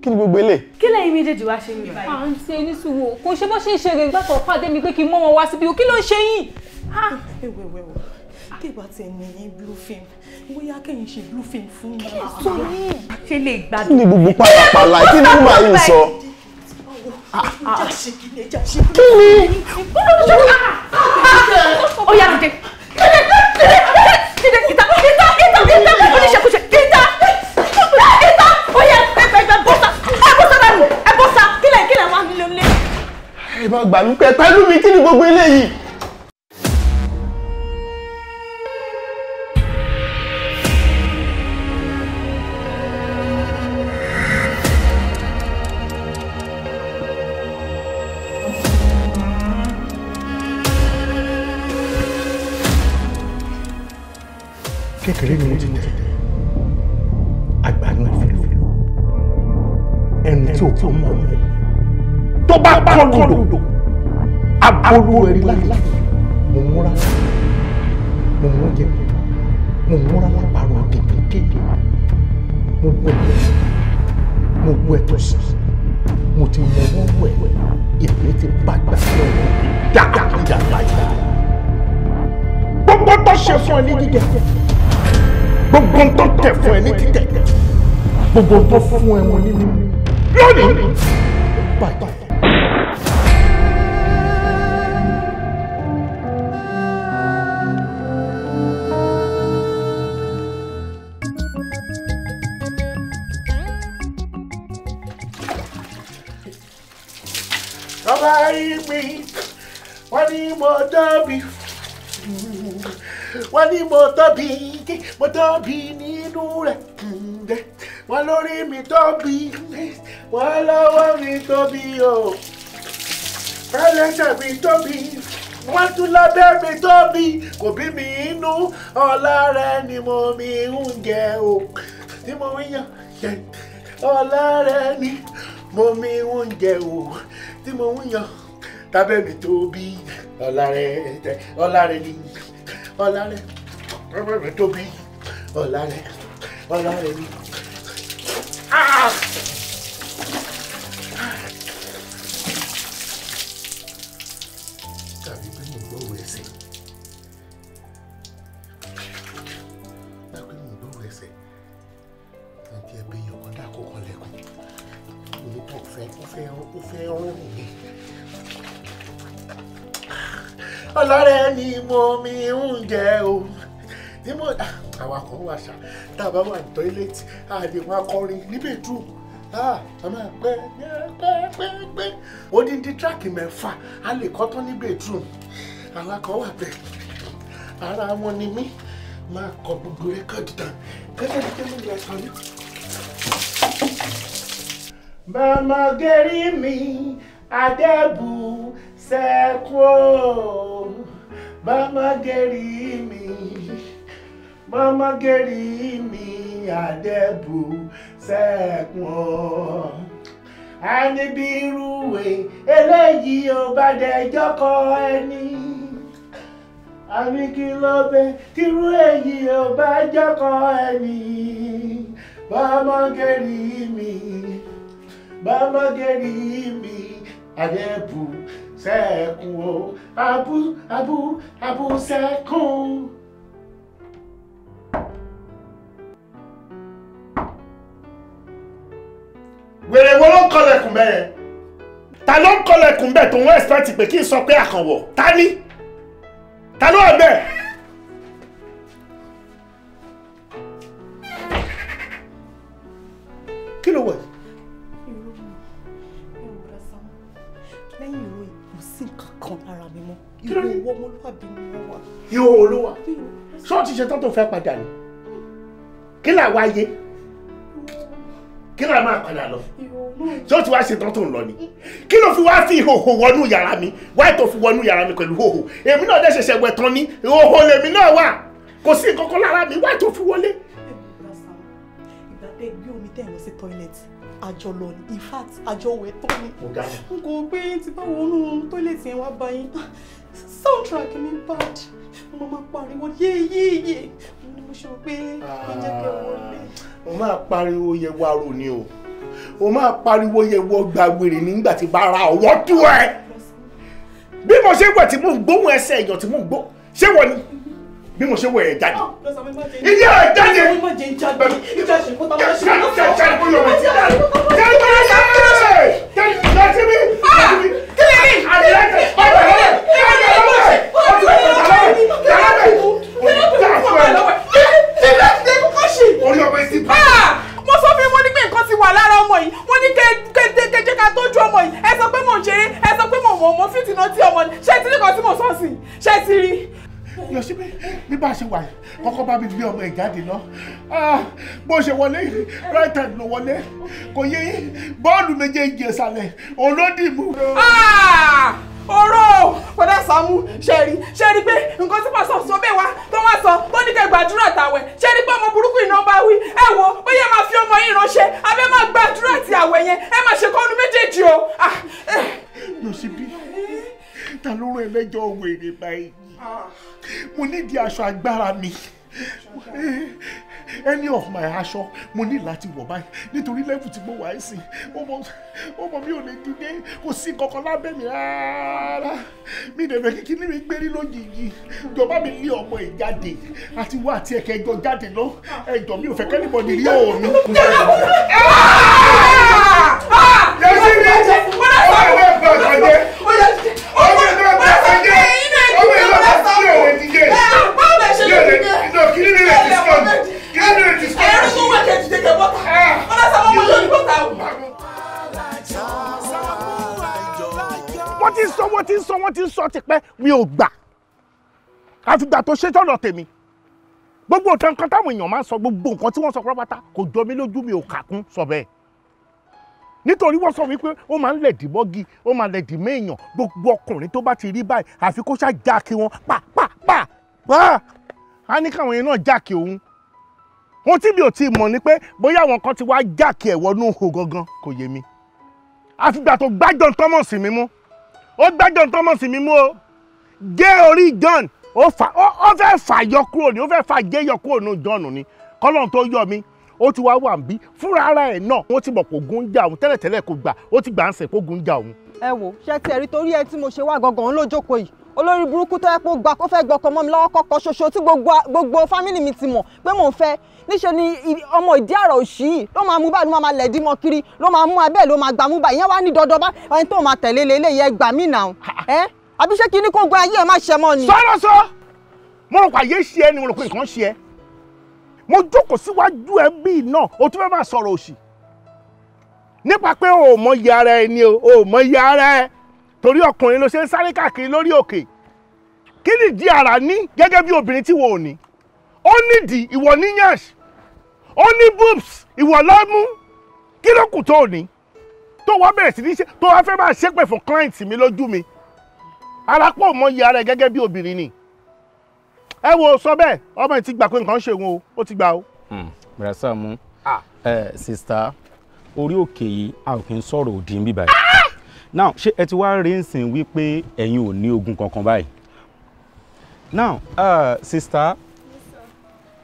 kí ni gbogbo eléyìí. kí lẹ́yìn méjèèjì wá ṣe ń bá yìí. à ah, ń ṣe ní sùúrù kò ṣe bó ṣe ń ṣe rè gbàtọ̀ pàdé mi pé kí n mọ́ wọn wá síbi o kí ló ń ṣe yín. ẹ̀wẹ̀wẹ̀wẹ̀ tèbá ti ẹ̀mí yín blue film bóyá kẹ́yìn ṣe blue film fún mi. kí ló sọ yìí. ṣe lè gbádùn. kí ni gbogbo pàlàpàlà kí ni màá yìí sọ. kí ni. ó yà dìde. dìde ìta ìta ìta ìta oníṣẹ́kùṣẹ́ ìta ìta ó yẹ pẹpẹpẹ bọ́sà ẹ bọ́sà dànù ẹ bọ́sà kílẹ̀ kílẹ̀ wà nílé onílé. ẹ bá gbà mí pẹ́ pẹ́lú mi kí ni gbogbo eléyìí. kékeré ni mo ti tẹ̀ àgbà náà fi lò ẹni tí ò tó mọ̀ mi tó bá kọ́ lòdò agolo ẹ̀rí láti mo múra mo mú jẹ mo múra lápárọ̀ òdìbí kéde mo gbọ́ ẹ̀ mo gbọ́ ẹ̀ tó mo ti mọ ọwọ́ wẹ̀ ìpè ti bàgbà lọ́wọ́ dáadáa gbogbo tó ṣe fún ẹ ní jíjẹ gbogbo tó tẹ̀ fún ẹ ní títẹ̀ gbogbo tó fún ẹ wọn nínú lónìí bàjẹ́. wọ́n ní mo tóbi mo tóbi nínú rẹ̀ kìndẹ́ wọ́n lórí mi tóbi wọ́n lọ́wọ́ mi tóbi o ẹlẹ́sẹ̀ mi tóbi wọ́n tún lábẹ́ mi tóbi kò bí mi inú ọlá rẹ̀ ni mo mi ń jẹ o tí mo ń yàn jẹ ọlá rẹ̀ ni mo mi ń jẹ o tí mo ń yàn tábẹ́ mi tóbi ọlá rẹ̀ ọlá rẹ̀ ni ọ̀la rẹ̀ ọ̀rọ̀ rẹ̀ tóbi ọ̀la rẹ̀ ọ̀la rẹ̀ mi. tàbí pé mo gbọ́wọ́ ẹsẹ̀ tàbí mo gbọ́wọ́ ẹsẹ̀ tàbí ẹgbẹ́ yẹn kan dà kó kan lẹ́kùn mo ní tó fẹ́ ó fẹ́ ó fẹ́ ọrùn mi ọlọ́rẹ́ ni mo mi ń jẹ o tí mo ah, àwọn akọ wà ṣá tá a bá wà ní tọ́ílẹ̀tì a lè wọn akọrin ní bedroom ah, a máa pẹ́ pẹ́ pẹ́ pẹ́ odindi tíráàkì mẹ́fà a lè kọ́ tán ní bedroom àwọn akọ wà bẹ́ẹ̀ ara wọn ni mí máa kọ gbogbo rẹ́kọ̀dì tán kẹ́kẹ́ ní kẹ́kẹ́ ní ẹ̀sán ní. mama gẹ̀rí mi adébù sẹ́kù mama gẹ̀rì mi mama gẹ̀rì mi àdẹ́bù sẹ́kù a ní bí irú eléyìí ò bá dẹjọ́ kọ ẹni àmì kí ló dé tírú èyí ò bá jọkọ ẹni bàmọ́ gẹ̀rì mi bàmọ́ gẹ̀rì mi àdẹ́bù sẹ́kù sẹ́kùn o abu abu abu sẹ́kùn. wèrè wo ló ń kọlẹ̀kùn bẹ́ẹ̀ ta ló ń kọlẹ̀kùn bẹ́ẹ̀ tó ń wọ́n ẹ̀sìpẹ́tì pé kí n sọ pé àkànwọ̀ ta ni ta ló wà bẹ́ẹ̀. kí ló wọ̀ yìí. kan lára mi mọ́ ìwọ ọmọlúwàbí ni wọ́n wà. ìwọ olówà ṣọ́ọ̀tì ṣetán tó fẹ́ padà ni kí làwọn ayé kí ló máa padà lọ tí ó ti wá tó ń lọ ni kí ló fi wá fi ìhòhò wọnú yàrá mi wá ètò fi wọnú yàrá mi pẹ̀lú ìhòhò èmi náà dẹ̀ ṣẹ̀ṣẹ̀ wẹ̀ ni ìhòhò lèmi náà wà kò sí nǹkan kan lára mi wá ètò fi wọlé. ìgbà tẹ gbé omi tẹ̀ lọ sí tọ́ílẹ̀tì àjọ lọ ní in àjọ wẹ̀ tó ni n kò gbé tí bá wọnú tọ́lẹ̀tì yẹn wá bá yín ah, soundtrack mi bad mo máa pariwo yéyéyé mo mo ṣe pé kí n jẹ́ kí n wọlé. Ah, mo máa pariwo yẹ wàrò ni o o máa pariwo yẹ wọ nígbà tí bá ra ọwọ́ dùn ẹ bí mo ṣe wẹ̀ tí mò ń gbóhùn ẹsẹ̀ èèyàn tí mò ń gbó ṣé wọ ni bí mo ṣe wọ ẹ̀ jáde. ilé ẹ̀ jáde. mo sọ fún wọn ní pé nǹkan ti wà lára ọmọ yìí wọn ní kẹjẹ ká tọ́jú ọmọ yìí ẹ sọ pé mò ń ṣeré ẹ sọ pé mò ń mọ fìtì náà tí ọmọ ni ti rí kan tí mo sọ sí ṣé ti rí. Yọ̀síbí ní bá a ṣe wà yìí kọ́kọ́ bá mi gbé ọmọ ẹ̀ jáde lọ. Ah, bó ṣe wọlé right hand ló wọlé kò yé bọ́ọ̀lù méjèèjì ìsàlẹ̀ olódìmú. Ah, oró Fọdá Sàámú ṣẹ́rí ṣẹ́rí pé nǹkan tí pàṣọ sọ bẹ́ẹ̀ wá tó wá sọ tó ní kẹ́ gbàdúrà tàwẹ̀ ṣẹ́rí pé ọmọ burúkú iná bá wí ẹ wo bóyá máa fi ọmọ yìí ránṣẹ́ abẹ́ máa gbàdúrà ti àwẹ̀ yẹn ẹ máa ṣe kọ́nu méjèèjì o. Ah, eh. Yọ̀síbí ta ló rán ẹ lẹ́jọ́ òwe èrè báyìí mo nídìí aṣọ agbára mi any of my aṣọ mo ní láti wọ̀ báyìí nítorí level tí mo wà ẹ́ sí ọmọ mi ò lè dìde kò sí kankan lábẹ́ mi rárá mi dẹ̀ fẹ́ kíkí ní mi gbérí lójijì jọba mi lé ọmọ ẹ̀ jáde àti wá àti ẹ̀kẹ́ ẹjọ́ jáde lọ ẹjọ́ mi ò fẹ́ kẹ́lẹ́ bọ̀dì rí òun mi. yẹ́sì ni wọ́n lè bá ọ̀gá wọ́n ti ń sọ wọ́n ti ń sọ wọ́n ti ń sọ tipẹ́ mi ò gbà àfìgbà tó ṣe tọ̀nà tèmi gbogbo nǹkan kan táwọn èèyàn máa ń sọ gbogbo nǹkan tí wọ́n sọ pátápátá kò jọ mí lójú mi ò kà kún sọ bẹ́ẹ̀ nítorí wọ́n sọ wípé ó máa ń lẹ̀dí bọ́gì ó máa lẹ̀dí méèyàn gbogbo ọkùnrin tó bá ti rí báyìí àfi kó ṣáà já kí wọ́n pa pa pa pa á ní káwọn yẹn náà já kí òun ohun tí mi ò ti mọ̀ ni pé bóyá àwọn kan ti wá já kí ẹ̀wọ́ nù hó gangan kò yé mi àfìgbà tó gbájọ́ tọ́mọ̀ sí mi ó gbá John Thomas mi mú o gé orí John ó fà ó fẹ́ fà yọ kúrò ní ó fẹ́ fà gé yọ kúrò ní John ni kọ́lọ́n tó yọ mi ó ti wá wà ń bí fúnra ara ẹ̀ náà wọ́n ti mọ̀ kó gún jà òun tẹ́lẹ̀tẹ́lẹ̀ kó gbà ó ti gbà ń sẹ̀ kó gún jà òun ẹ wò ṣé tiẹ̀ rí torí ẹ tí mo ṣe wá gangan lójókòó yìí olórí burúkú tó yẹ kó gba kó fẹ́ gbọkọ mọ́ mi lọ́wọ́ kọ́kọ́ ṣoṣo tí gbogbo fámìlì mi ti mọ̀ pé mò ń fẹ́ níṣẹ́ ni ọmọ ìdí àrà òṣì yìí ló máa mú báyìí ló máa lẹ̀ dí mọ́ kiri ló máa mú abẹ́ ló máa gbà mú báyìí ìyẹn wá ní dandan bá ẹni tó máa tẹ̀lé lélẹ̀ yẹn gbà mí nà ó ẹ́ àbí ṣé kíní kó gba ayé ẹ̀ má ṣe mọ́ ni. sọ́nà sọ mo rò pé àyè ṣe ẹ ni mo rò pé nǹkan ṣe ẹ mo jókòó síwájú ẹ náà o tún fẹ́ máa sọ̀rọ̀ òṣì nípa pé o ò mọ iye ara ẹ ni o ò mọ iye ara ẹ torí ọkùnrin ló ṣe ń sáré káàkiri lórí òkè kí nìdí ara ní gẹ́gẹ́ bí obìnrin tí wọ́n ò ní ó nídìí ìwọ ní yansh ó ní boobs ìwọ lọ́mú kí ló kù tó ní tó wá bẹ̀rẹ̀ sí ní ṣe tó wá fẹ́ máa ṣépè fún client mi lójú mi arápò mọ iye ara ẹ gẹ́gẹ́ bí obìnrin ni ẹ wo sọ bẹ́ẹ̀ ọmọ ẹ ti gbà pé nǹkan ṣe wọn o ó ti gbà o. mìíràn sáà mú sista orí òkè yìí a ò kí ń sọ̀rọ̀ òdì ń bí báyìí. now ṣé ẹ ti wá rí nsìn wípé ẹ̀yin ò ní ogun kankan báyìí. now uh, sista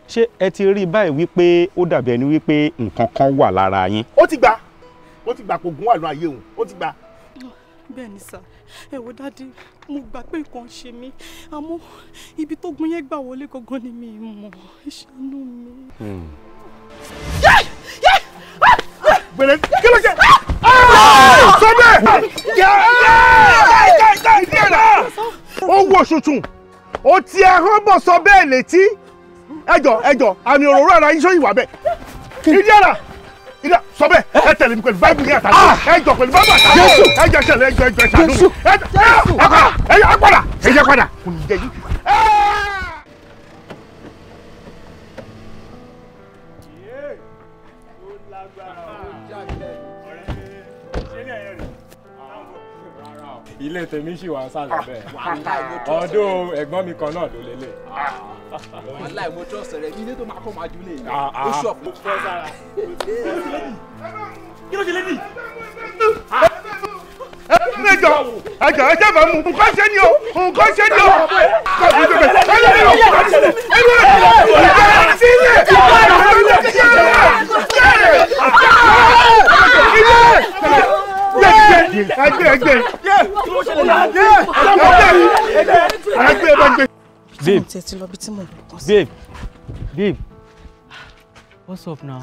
ṣé ẹ ti rí báyìí wípé ó dàbí ẹni wípé nǹkan kan wà lára yín. ó ti gbà ó ti gbà kó gun wà ayé òun ó ti gbà. bẹ́ẹ̀ ni sà ẹ wo dáadé mo gbà pé nǹkan ṣe mí àmọ́ ibi tó gun yẹn gbà wọlé gangan ni mi mọ̀ ẹ mi. Hmm. Ah! Ah! gbèrè kí ló ṣe. sọ́bẹ̀ ó wo ṣùtùn ó ti ẹ̀hán bọ̀ sọ bẹ́ẹ̀ létí ẹjọ ẹjọ àmì òróró ara yín sóyìn wà bẹ́ẹ̀ ìdí ara ìdá sọ bẹ́ẹ̀ ẹ tẹ̀lé mi pẹ̀lú báìbù ní àtàlẹ́ ẹjọ pẹ̀lú báìbù àtàlẹ́ ẹjọ ṣẹlẹ̀ ẹjọ ẹjọ ìṣàlùmí ẹjọ ẹjọ padà ẹjọ padà kò ní jẹ yìí. ilé tèmi sì wà sálẹ̀ bẹ́ẹ̀ ọdún ẹ̀gbọ́n mi kan náà ló lélẹ̀. wàláì mo trust rẹ ilé tó máa kọ́ máa ju lè yẹ ó ṣọ̀ fún fọ́ sára. kí ló ṣe lédi. ẹ jọ ẹ jọ ẹ jẹ bàá nǹkan ṣe ni o nǹkan ṣe ni o. ẹ jọ ẹ jọ ẹ jọ ẹ tí mo tẹ̀ ti lọ bí tí mo lọ kàn sí. babe babe what's up now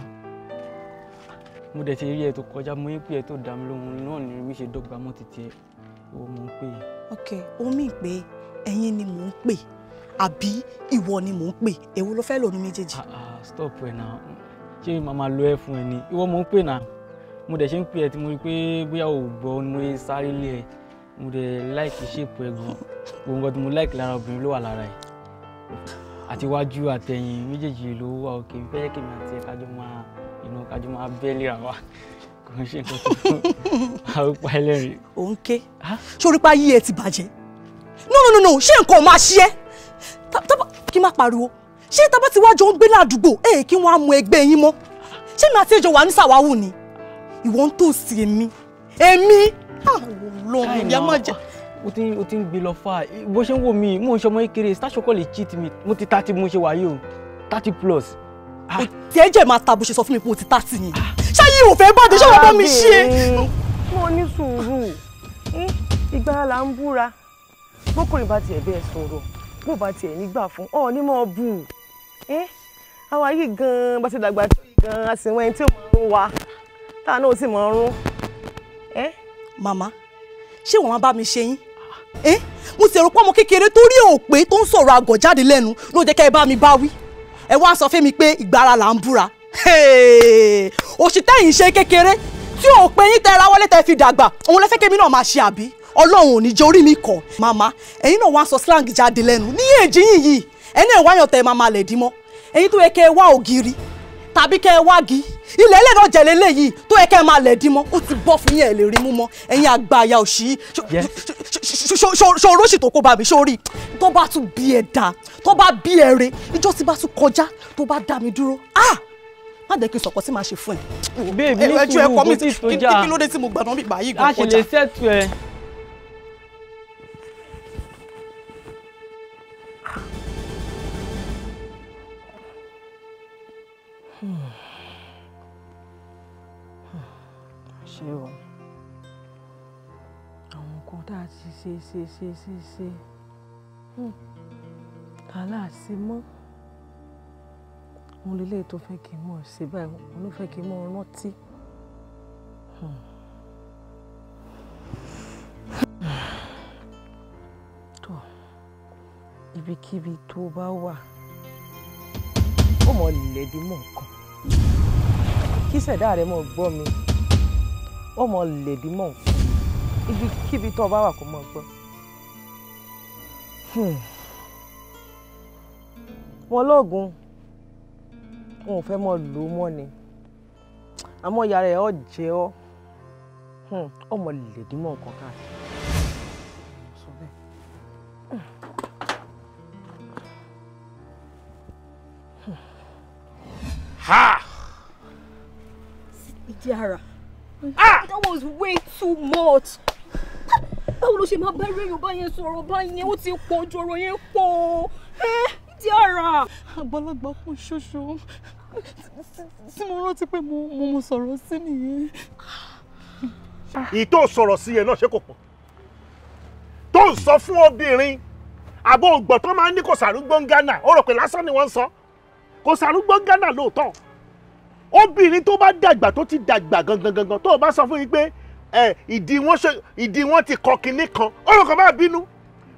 mo dẹ̀ ti rí ẹ tó kọjá mo yín pé ẹ tó dá mi náà ni mi ṣe dọ́gba mọ́ títí ẹ ìwọ mò ń pè é. ok omi pé ẹ̀yin ni mò ń pè àbí ìwọ ni mò ń pè èwo ló fẹ́ lò ní méjèèjì. Ah, ah, stop ẹ na ṣé màmá lo ẹ fún ẹ ni ìwọ mò ń pè náà mo dẹ̀ ṣe ń pè ẹ tí mo rí i pé bóyá ò gbọ́ ni mo sáré lé ẹ mo dẹ̀ láìkì ṣèpù ẹ gan gbogbo nǹkan mo láìkì lára obìnrin ló wà lára ẹ àtiwájú àtẹ̀yìn méjèèjì ló wà òkè ń fẹ́ kèmí àti kájọ máa inú kájọ máa bẹ́ẹ̀lìra wa kò ń ṣe nǹkan tó àrùpá ẹlẹ́rìí. ò ń ké sórí yí ẹ ti bàjẹ́ no no no no ṣé nǹkan máa ṣe ẹ́ kí n má pariwo ṣé tábà tí wájú ń gbé ládùúgbò ẹ̀ kí wọ́n á mú ẹgbẹ́ yín mọ́ ṣé mi àti ẹjọ́ wà ní sàwáwù ni ìwọ ń tòsí èmi èmi àwọn ah, olóhùn ìyá má jẹ́ o ti o ti ń gbé lọ fà bó ṣe ń wò mí mò ń ṣe ọmọ kékeré starch kọ́ lè cheat mi mo ti thirty mo ṣe wáyé o thirty plus. òtí ah. ẹ̀jẹ̀ máa ta bó ṣe sọ fún mi pé o ti thirty yẹn ah. ṣáyé ò fẹ́ bàjẹ́ ṣé wọ́n bá mi ṣe. mo ní sùúrù hmm? ìgbára là ń búra bókùnrin bá tiẹ̀ bẹ́ẹ̀ sọ̀rọ̀ bó bá tiẹ̀ nígbà fún ọ ní mọ̀ bù eh? àwa yìí gan-an bá ti dàgbà tó yìí gan-an a sì wọ́n ẹni tí ò mọ̀ ń wa táà náà ò sì mọ̀ ń rún. Eh? màmá ṣé wọ́n máa bá mi ṣe yín ẹ mo sì rò pé ọmọ kékeré tó rí òpè tó ń sọ̀rọ̀ àgọ̀ jáde lẹ́nu ló jẹ́ kẹ́ ẹ bá mi bá wí ẹ wá sọ fún mi pé ìgbára là ń búra òṣìtẹ́yìn ṣe kékeré tí òpè yín tẹra wọlé tẹ fi dàgbà òun lẹ́fẹ́ kémi náà máa ṣe àbí ọlọ́run ò ní jẹ́ orí mi kọ̀ màmá ẹ̀yin náà wá sọ slang jáde lẹ́nu ní èjì yìí yìí ẹni ẹ̀ wáyàn tẹ máa malẹ̀ dí mọ́ ẹ̀yin tó yẹ kẹ́ ẹ wá ògiri tàbí kẹ́ ẹ wá gi ilẹ̀ ilẹ̀ jẹ̀lẹ̀ léyìí tó yẹ kẹ́ ẹ máa lẹ̀ dín mọ́ ó ti bọ́ fún yín lè rí mú mọ́ ẹ̀yin àgbà àyà òṣì ṣòróṣì tó kó bá mi ṣórí tó bá tún bí ẹ dá tó bá bí ẹ re ijó tí bá tún kọjá tó bá dá mi dúró ah má dẹ́ kí n sọ̀kọ́ tí màá ṣe fún ẹ. bẹ́ẹ̀ mi ní sùúrù bó ti tó já kí ló dé tí mo gbàdán bíbá yìí gbọ́ kọjá. a ṣe ẹ ṣe o àwọn nǹkan tá a ti ṣe ṣe ṣe ṣe ṣe hmm. tààlà sí mọ́ òun lélẹ̀ tó fẹ́ kí n mọ̀ ṣe báyìí òun ló fẹ́ kí n mọ̀ rántí. Hmm. tó ibikíbi tó bá wà ó mọ̀ lẹ́ẹ̀dí mọ̀ nǹkan kí sẹ̀dá rẹ̀ mọ̀ gbọ́ mi wọ́n mọ̀ lẹ̀dí mọ̀ ibi kíbi tó o bá wà kó mọ̀ gbọ́. Hmm. wọn lóògùn wọn ò fẹ́ mọ̀ lò ó mọ́ ni àmọ́ ìyá rẹ̀ ọ̀ jẹ́ ọ́ ọmọ hmm. lẹ̀dí mọ̀ nǹkan káàkiri. Hmm. Ha! Ìdí ara ah that was way too much báwo ló ṣe máa bá réyìn bá yẹn sọ̀rọ̀ bá yẹn ó ti pọ̀ ju ọ̀rọ̀ yẹn pọ̀ ẹ́ di ara. àgbàlagbà kan ṣoṣo tí mo rántí pé mo mo sọ̀rọ̀ sí nìyẹn. ìtò sọ̀rọ̀ sí yẹn náà ṣe kò pọ̀ tó ń sọ fún obìnrin àbò ògbọ̀n tó máa ń ní kò sàrúgbó gánà ó rò pé lásán ni wọ́n ń sọ kò sàrúgbó ń gánà lóòótọ́ obìnrin tó bá dàgbà tó ti dàgbà gangan gangan tó o bá sọ fún yín pé ẹ ìdí wọn ṣe ìdí wọn ti kọ kinní kan ọ̀rọ̀ kan bá bínú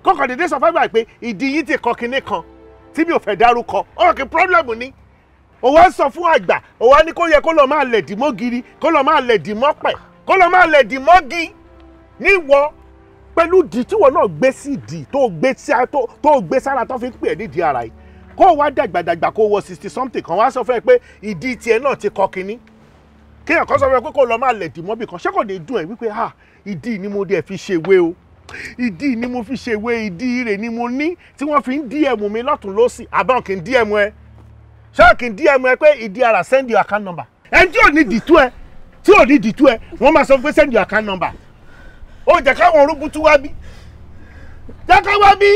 kọkàn dédé sọ fáwọn àgbà ìdí yín ti kọ kinní kan tí mi ò fẹ́ dárúkọ ọ̀rọ̀ kí problem ni o wá sọ fún àgbà o wá ní kó yẹ kó lọ máa lẹ̀dí mọ́ giri kó lọ máa lẹ̀dí mọ́ pẹ̀ kó lọ máa lẹ̀dí mọ́ gi níwọ pẹ̀lú dì tíwọ náà gbé sí dì tó gbé sára tó fi ń pè é nídìí ara yìí kó o wá dàgbàdàgbà kó o wọ sixty something kan wá sọ fún ẹ pé ìdí tiẹ̀ náà ti kọ kínní kéèyàn kan sọ fún ẹ pé kó o lọ máa lẹ̀ dì mọ́bì kan ṣé kò ní dùn ẹ wípé ha ìdí ni mo dẹ̀ fi ṣe wé o ìdí ni mo fi ṣe wé ìdí rẹ̀ ni mo ní tí wọ́n fi ń DM mi lọ́tún lọ́sì àbáwọn kì í DM ẹ ṣáà kì í DM ẹ pé ìdí ara send your account number ẹ tí ò ní dìtú ẹ tí ò ní dìtú ẹ wọ́n máa sọ pé send your account number ó jẹ́ káwọn orúkú tún wá bí jẹ́ ká wá bí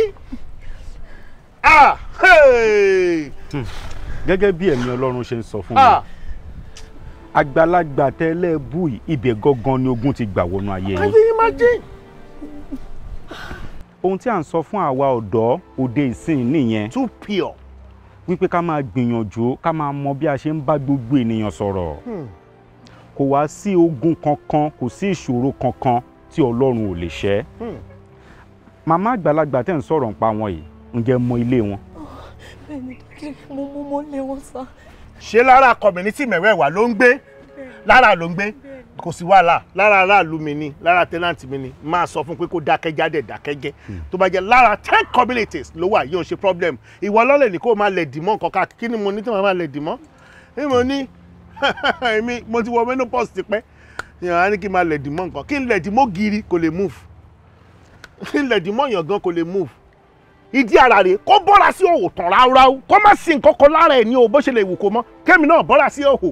gẹ́gẹ́ bí ẹ̀mí ọlọ́run ṣe ń sọ fún mi ah. àgbàlagbà tẹ́lẹ̀ bú ibẹ̀ gangan ni ogun ti gbà wọnú ayé yín ohun tí à ń sọ fún àwa ọ̀dọ́ òde ìsìn nìyẹn too pure wípé ká máa gbìyànjú ká máa mọ bí a ṣe ń bá gbogbo ènìyàn sọ̀rọ̀ hmm. kò wá sí ogun kankan kò sí ìṣòro kankan tí ọlọ́run ò lè ṣẹ́ hmm. màmá àgbàlagbà tẹ̀ ń sọ̀rọ̀ ń pa wọn yìí ǹjẹ́ mọ ilé wọn. bẹ́ẹ̀ni mo mú mo lé wọn sá. ṣé lára community mẹ́wẹ̀ẹ̀wá ló ń gbé lára ló ń gbé kò sí wàhálà lára aráàlú mi ni lára tenant mi ni máa sọ fún pé kó dákẹ́já dẹ̀ dákẹ́jẹ́ hmm. tó bá jẹ́ lára ten communities ló wà yóò ṣe problem ìwọ lọ́lẹ̀ ní kó máa lẹ̀ dìmọ́ nǹkan káàkiri kí ni mo ní tí mo máa lẹ̀ dìmọ́ ni mo ní èmi mo ti wọ menopause ti pẹ́ yàrá ní kí n máa lẹ̀ dìmọ́ nǹkan kí n lẹ̀ dìmọ́ gírí kò lè move kí n lẹ̀ dìmọ́ yàn gan kò lè move ìdí ara rẹ̀ kó bọ́ra sí òwò tán ráúráú kó má sí nǹkan kan lára ẹ̀ ní o bó ṣe lè wù kó mọ́ kémi náà bọ́ra sí òwò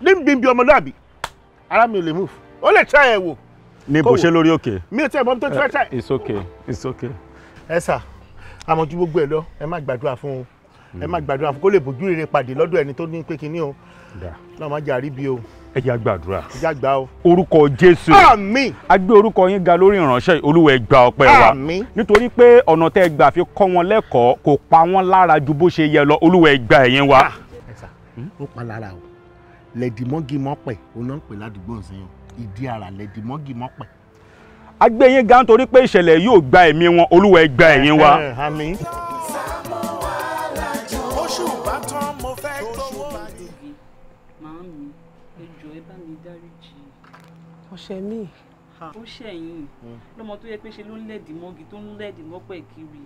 níbi ọmọlúàbí ara mi ò lè move ó lè try ẹ̀ wò ní bó ṣe lórí òkè. mi ò tẹ ìbọn tó ti fẹ́ tẹ. Eh, it's okay it's okay. ẹ sà àmọ̀jú gbogbo ẹ̀ lọ ẹ má gbàdúrà fún un ẹ má gbàdúrà fún un kó lè bójú rere pàdé lọ́dọ̀ ẹni tó ní pé kinní o lọ́mọ ajá rí bí o. ẹ jẹ́ àgbàdúrà. ẹ jẹ́ àgbà o. orúkọ jésù. àmín. a gbé orúkọ yín ga lórí ìránṣẹ́ olúwa gba ọpẹ́ wa. àmín. nítorí pé ọ̀nà tẹ́ ẹ gbà fi kọ́ wọn lẹ́kọ̀ọ́ kò pa wọ́n lára ju bó ṣe yẹ lọ olúwa gba ẹ̀yìn wa. Ah. ó pa lára o lẹ́dìmọ́gìmọ́pẹ̀ òun náà ń pè ládùúgbò nsìnyàn ìdí ara lẹ́dìmọ́gìmọ́pẹ̀ agbẹ́yìn gan torí pé ìṣẹ̀lẹ̀ yóò gba ẹ̀mí wọn olúwa gba ẹ̀yìn wa. oṣù bá mi dáríjì. ọ̀sẹ̀ mi. ó ṣẹ̀yìn hmm. lọ́mọ tó yẹ pé ṣe ló ń lẹ̀dí mọ́gi tó ń lẹ̀dí mọ́pẹ̀ kiri.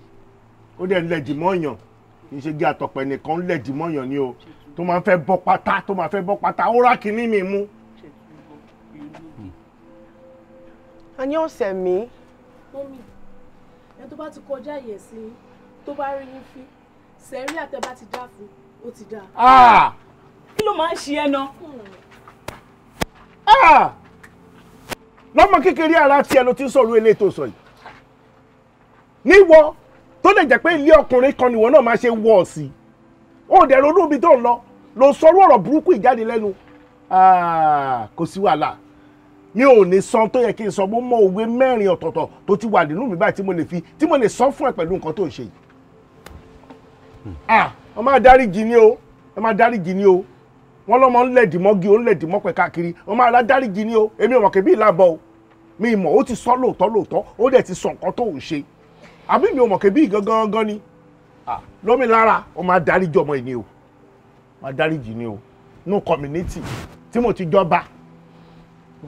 ó dẹ̀ ń lẹ̀dí mọ́yàn kì í ṣe jẹ́ àtọ̀pẹ̀ nìkan ń lẹ̀dí mọ́yàn ni o tó máa fẹ́ bọ́ pátá tó máa fẹ́ bọ́ pátá ó rà kíní mi mú. Hmm. a ní ọ̀sẹ̀ mi. mọ́mì ẹni tó bá ti kọjá ìyẹ̀sí tó bá rí yín fín sẹ́rí àtẹ bá ti dá fún ó ti dá. Ah! kí ló máa ń ṣe ẹ náà. Hmm. Ah! lọ́mọ kékeré ara tiẹ̀ ló ti ń sọ̀rọ̀ eléyìí tó sọ yìí níwọ tó lè jẹ́ pé ilé ọkùnrin kan nìwọ náà máa ṣe wọ̀ sí i ó dẹ̀ ronú ibi tó ń lọ ló sọ̀rọ̀ ọ̀rọ̀ burúkú ìjáde lẹ́nu ah, kò sí wàhálà mi ò ní san tó yẹ kí n sọ mo mọ òwe mẹ́rin ọ̀tọ̀ọ̀tọ̀ tó ti wà nínú mi báyìí tí mo lè fi tí mo lè sọ fún ẹ pẹ̀lú nǹkan tó ń ṣe yìí. Ah, ẹ máa dáríjì ni o ẹ máa dáríjì ni o wọ́n lọ́mọ ń lẹ̀dì mọ́gi ó ń lẹ̀dì mọ́pẹ́ káàkiri ó máa ra dáríjì ni o èmi ò mọ̀ kébí ìlàbọ̀ o mi mọ̀ ó ti sọ lóòótọ́ lóòótọ́ ó dẹ̀ ti sọ nǹkan tó ń ṣe àbí mi ò mọ̀ kébí gangan gan ni lómi lára ó máa dáríjì ọmọ ìní o máa dáríjì ni o no community tí mo ti jọba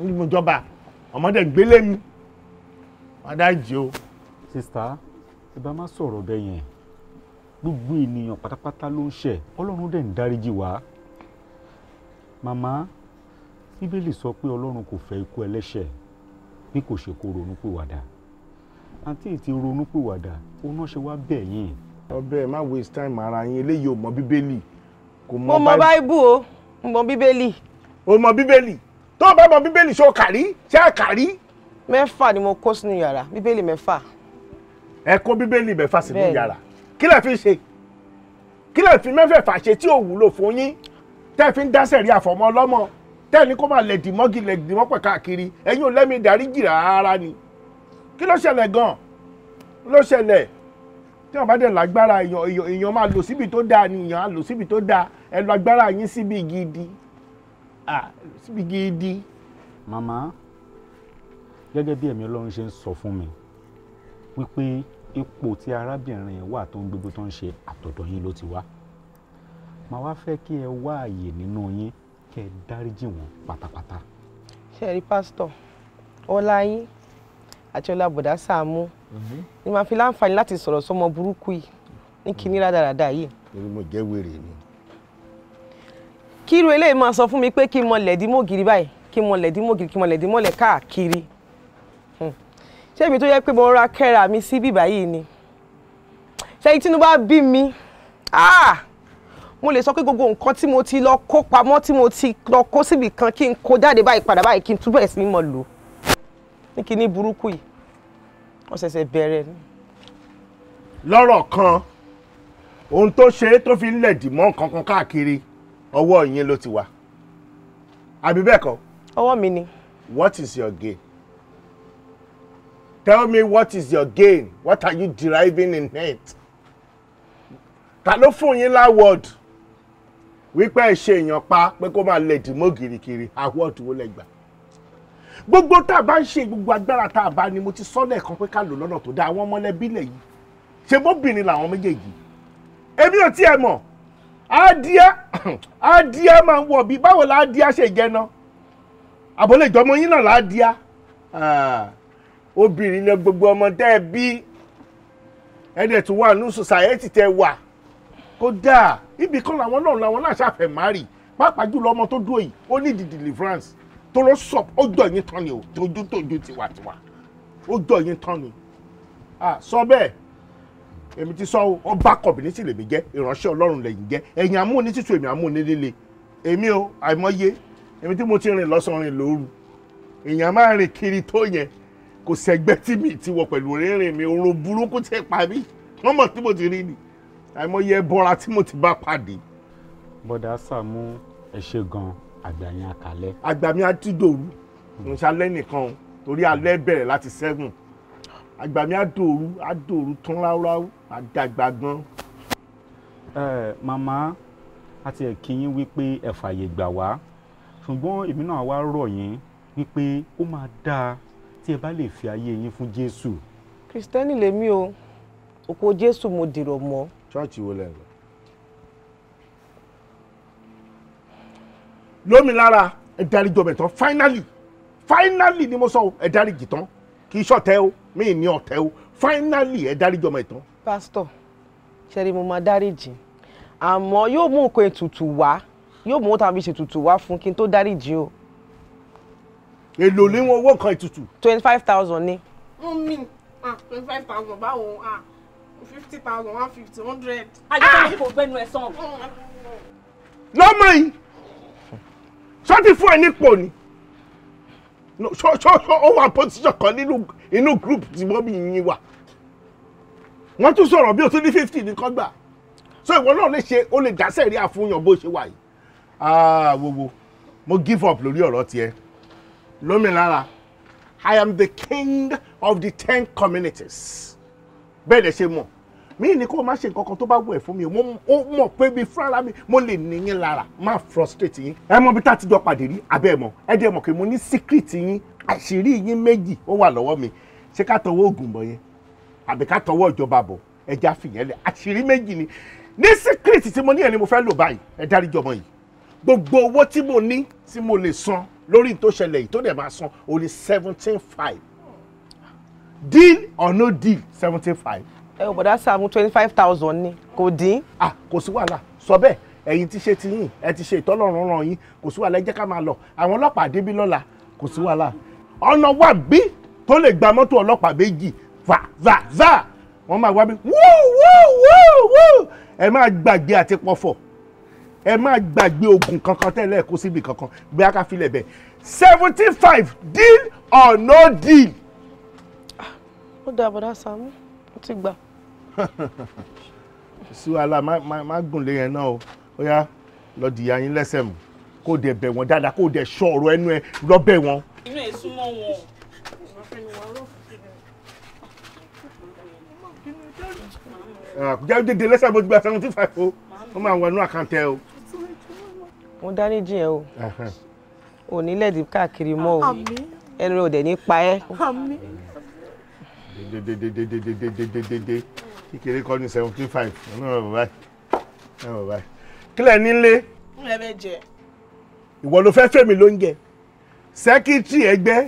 tí mo jọba ọmọdé gbélé mi máa dáríjì o. sista ẹ bá má sọ̀rọ̀ bẹ́ẹ̀ yẹn gbogbo ènìyàn pátápátá ló ń ṣẹ̀ ọlọ́run dẹ̀ ń dáríjì wá màmá bíbélì sọ pé ọlọ́run kò fẹ́ ikú ẹlẹ́ṣẹ̀ bí kò ṣe kó ronúpìwàdà àǹtí ti ronúpìwàdà oná ṣe wá bẹ̀ yín. ọbẹ̀ má waste time ara yín eléyìí ò mọ bíbélì kò mọ báyìí. mo mọ báíbù o mo mọ bíbélì. o mọ bíbélì tó o bá mọ bíbélì ṣe o kàrí ṣe a kàrí. mẹ́fà ni mo kó sínú yàrá bíbélì mẹ́fà. ẹ kó bíbélì mẹ́fà sínú yàrá kí lẹ fi ṣe kí lẹ fi mẹ́fẹ̀ẹ̀fà ṣe tí ò wúlò fún yín tẹ́ fi ń dáṣẹ̀ rí àfọ̀mọ́ ọlọ́mọ tẹ́ ní kó máa lẹ̀ dìmọ́gì lẹ̀ dìmọ́pẹ̀ káàkiri ẹ̀yin ò lẹ́mi ìdáríjì rárá ni kí ló ṣẹlẹ̀ gan ló ṣẹlẹ̀ tí wọ́n bá dẹ̀ lágbára èèyàn èèyàn máa lò síbi tó dáa ni èèyàn á lò síbi tó dáa ẹ lọ agbára yín síbi gidi síbi gidi. màmá gẹ́gẹ́ bí ẹ̀mí ọlọ́run ṣe ń sọ fún mi wípé ipò tí arábìnrin yẹn wà tó ń gbogbo tó ń ṣe àtọ̀dọ̀ yín ló ti wá màá wá fẹ́ kí ẹ wá àyè nínú yín kẹ́ ẹ dáríjì wọn pátápátá. ṣẹ́ẹ̀rí pásítọ̀ ọlá yín àti ọlá bọ̀dá Sàámú mhm. ni màá fi láǹfààní láti sọ̀rọ̀ sọmọ burúkú yìí ní kinní rádaràda yìí. èmi mo jẹ́ wèrè ni. kí irú eléyìí máa sọ fún mi pé kí n mọ lẹ̀dí mọ́gìrì báyìí kí n mọ lẹ̀dí mọ́gìrì kí n mọ lẹ̀dí mọ́lẹ̀ káàkiri hmm. ṣé ibi tó yẹ pé mo rọra kẹ́ra mi sí bíbá yìí ni ṣé ìtinú bá bí mi ah mo lè sọ pé gbogbo nǹkan tí mo ti lọ kó pamọ́ tí mo ti lọ kó síbì kan kí n kó jáde báyìí padà báyìí kí n túbọ̀ sí mọ̀ lò ní kí ní burúkú yìí wọ́n ṣẹ̀ṣẹ̀ bẹ̀rẹ̀ ni. lọ́rọ̀ kan ohun tó ṣe é tó fi ń lẹ̀dì mọ́ kankan káàkiri ọwọ́ yín ló ti wà àbí bẹ́ẹ̀ kọ́. ọwọ́ mi ni. what is your gain? tell me what is your gain? what are you deriving in it? ta ló fún yín láwọ́ọ̀dù? wípé ẹ ṣe èèyàn pa pé kó máa lè dì mọ́ gìrìgìrì àwọn ọ̀dùnwó lẹ gbà gbogbo tá a bá ń ṣe gbogbo agbára tá a bá ni mo ti sọ lẹ́ẹ̀kan pé ká lò lọ́nà tó dáa àwọn ọmọlẹ́bí lẹ̀ yìí ṣe bóbìnrin làwọn méjèèjì èmi ò tiẹ̀ mọ̀ adìẹ adìẹ máa ń wọ̀ bí báwo la adìẹ ṣe jẹ náà àbọ̀lẹ̀ ìjọmọ yín náà la adìẹ obìnrin ni gbogbo ọmọ tẹ́ ẹ bí ẹ̀ dẹ̀ tún wà ní society tẹ́ wà kódà ibì kan làwọn náà làwọn náà ṣàfẹ́ márì pàápàá jùlọ ọmọ tó dúró yìí ó ní di deliverance tó lọ sọ ọjọ́ yín tán ni o tójú tójú tiwantiwa ọjọ́ yín tán ni sọ bẹ́ẹ̀ èmi ti sọ ọba kọ̀bìnrin sì lèmi jẹ́ ìránṣẹ́ ọlọ́run lẹ́yìn jẹ́ ẹ̀yìn amúni títún èmi amúni líle èmi o àìmọye èmi tí mo ti rìn lọ́sàn-án rìn lóru èèyàn máa rìn kiri tó yẹn kò sẹ́gbẹ́ tí mi ti wọ pẹ̀lú rírìn mi orun burúkú ti pa mí wọ́n mọ̀ tí mo ti rí ni àìmọye ẹbọra tí mo ti bá pàdé. bọ́dà Sàámú ẹ ṣe gan àgbàyàn àkàlẹ́. àgbàmí àdìdòru mo ṣalẹ́ nìkan torí alẹ́ bẹ̀rẹ̀ láti seven àgbàmí àdòru àdòru tán ráúráú àdàgbà gan. ẹ màmá àti ẹ̀kínyín wípé ẹ fààyè gbà wá ṣùgbọ́n èmi náà wá rọ̀ yín wípé ó máa dáa tí ẹ bá lè fi ayé yín fún Jésù. Kristẹni lèmi o òkú Jésù mo dìrò mọ́ ṣọ́ọ̀ṣì wo lẹ́nu. lómi lára ẹ̀dárí jọbẹ̀ tán finally finally ni mo sọ ẹ̀dárí jì tán kì í ṣọ̀tẹ̀ o mi ní ọ̀tẹ̀ o finally ẹ̀dárí jọbẹ̀ tán. pásítọ̀ ṣẹ́rí mo máa dáríjì àmọ́ yóò mú nǹkan ètùtù wá yóò mú tàbí ṣètùtù wá fún kí n tó dáríjì o. èlò ní wọn owó kan ètùtù. twenty five thousand ni. mo mi ah, twenty five thousand báwo. Ah fifty thousand one fifty hundred. àyíká ni ah! kò gbẹnu ẹ sàn. Oh, lọ́mọ yìí sọ́ọ́tì fún ẹ nípò ni ṣọ́ọ́ṣọ́ ó wà pọ́síṣọ̀ kan nínú inú group tí wọ́n bí yín wà wọ́n tún sọ̀rọ̀ bí o tún ní fifty ní kọ́gbà so ìwọ náà lè ṣe o lè dásẹ̀ rí àfúnyàn bó ṣe wà yìí ah wo wo mo give up lórí ọ̀rọ̀ tiẹ̀ lómìnira I am the king of the ten communities bẹ́ẹ̀ lè ṣe mọ̀ mi ní kó o má ṣe nǹkan kan tó bá wù ẹ́ fún mi o mọ̀ pé bí fúnra mi mo lè ní yín lára má frustrate yín ẹ mọ̀ bí tá a ti jọ pàdé rí abẹ́ mọ̀ ẹ jẹ́ mọ̀ pé mo ní secret yín àṣírí yín méjì ó wà lọ́wọ́ mi ṣé ká tọwọ́ ògùn bọ̀ yẹn àbí ká tọwọ́ ìjọba bọ̀ ẹ já fìyẹn lẹ̀ àṣírí méjì ni ní secret tí mo ní ẹ̀ ni mo fẹ́ lò báyìí ẹ dáríjọ mọ́ yìí gbogbo owó tí mo ní tí mo lè san lórí tó ṣẹlẹ̀ yìí tó dẹ̀ máa san ó seventeen five deal or no deal seventeen five ẹ ò bọ̀dá Sàámú twenty five thousand ni kò dín. ah kò sí wàhálà sọ bẹ́ẹ̀ ẹ̀yin ti ṣe ti yín ẹ ti ṣe ìtọ́lọ́run ràn yín kò sí wàhálà ẹ jẹ́ ká máa lọ àwọn ọlọ́pàá débí lọ́la kò sí wàhálà ọ̀nà wà bí tó lè gba mọ́tò ọlọ́pàá méjì va va va wọ́n máa wá bí wúú wúú wúú wúú ẹ máa gbàgbé àti pọ̀fọ̀ ẹ máa gbàgbé oògùn kankan tẹ́lẹ̀ kó síbi kankan bí a ká filẹ̀ bẹ̀ seventy five deal or no deal. Ah, ó dáa bọ̀dá Sàámú ó ti gbà sí wàhálà má gùn lé yẹn náà o ó yá lọ dìyà yín lẹ́sẹ̀ mú kó dẹ̀ bẹ̀ wọ́n dáadáa kó dẹ̀ sọ ọ̀rọ̀ ẹnu ẹ lọ bẹ̀ wọ́n. inú ẹ súnmọ́ wọn. jẹ́ dédé lẹ́sẹ̀ mo ti gba seventy five o wọ́n máa wọnú àkáǹtì ẹ o. mo dáríjì ẹ o ò ní lẹ́ẹ̀dì káàkiri mọ́ o ẹnu ò dẹ̀ ní pa ẹ́ kékeré kọ́ ní seventy five ẹ̀ náà bàbá ẹ̀ bàbá ẹ̀ kílẹ̀ nílé. ẹ bẹ jẹ. ìwọ ló fẹ́ fẹ́mi lóúnjẹ sẹ́kítì ẹgbẹ́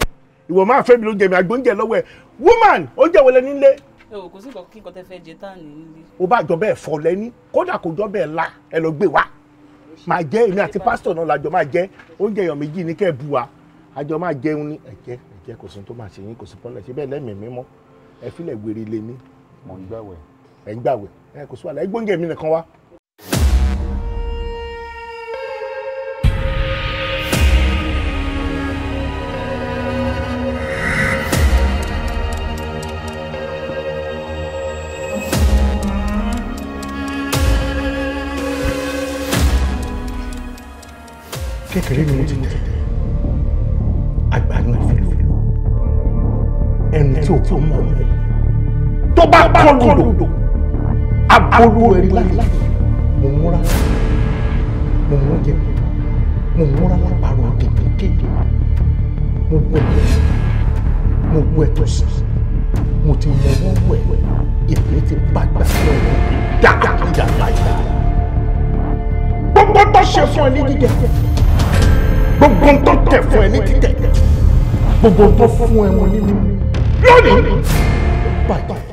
ìwọ máa fẹ́mi lóúnjẹ mi àgbóúnjẹ lọ́wọ́ ẹ̀ woman oúnjẹ wọlé nílé. ẹ ò kò sí nǹkan kíkan tẹ fẹ́ jẹ tán ní ilé. o bá jọ bẹ́ẹ̀ fọ lẹ́ni kódà kò jọ bẹ́ẹ̀ la ẹ lọ gbé wa máa jẹ èmi àti pásítọ̀ náà làjọ máa jẹ oúnjẹ èèyàn méjì ní kẹ́ẹ̀ bu wa àjọ máa jẹun ní ẹ̀jẹ̀ ẹ̀jẹ̀ kò sí tó máa ṣe yín kò sí pọ́nlẹ̀ ṣe bẹ́ẹ̀ lẹ́mìí mímọ́ ẹ fílẹ̀ wèrè lé mi mo ń gbàwẹ̀. ẹ ń gbàwẹ̀ ẹ kò sí wàhálà ẹ gbóúnjẹ mi nìkan wá. kékeré ni mo ti tẹ̀ àgbà náà fẹ́ lò ẹni tí ò tó mọ̀ ọ́ tó bá kọlù lò agolo ẹ̀rí láyé mo múra mo mú jẹ mo múra lápárọ̀ ọ̀dẹ̀dẹ̀ kéde mo gbọ́ ẹ̀ mo gbọ́ ẹ̀ tó sì mo ti mọ ọwọ́ wẹ̀ ìpè ti bàgbà lọ́wọ́ dákàkúdà láyé gbogbo tó ṣe fún ẹ ní jíjẹ gbogbo tó tẹ fún ẹ ní títẹ gbogbo tó fún ẹ wọn nínú lónìí bàjẹ́.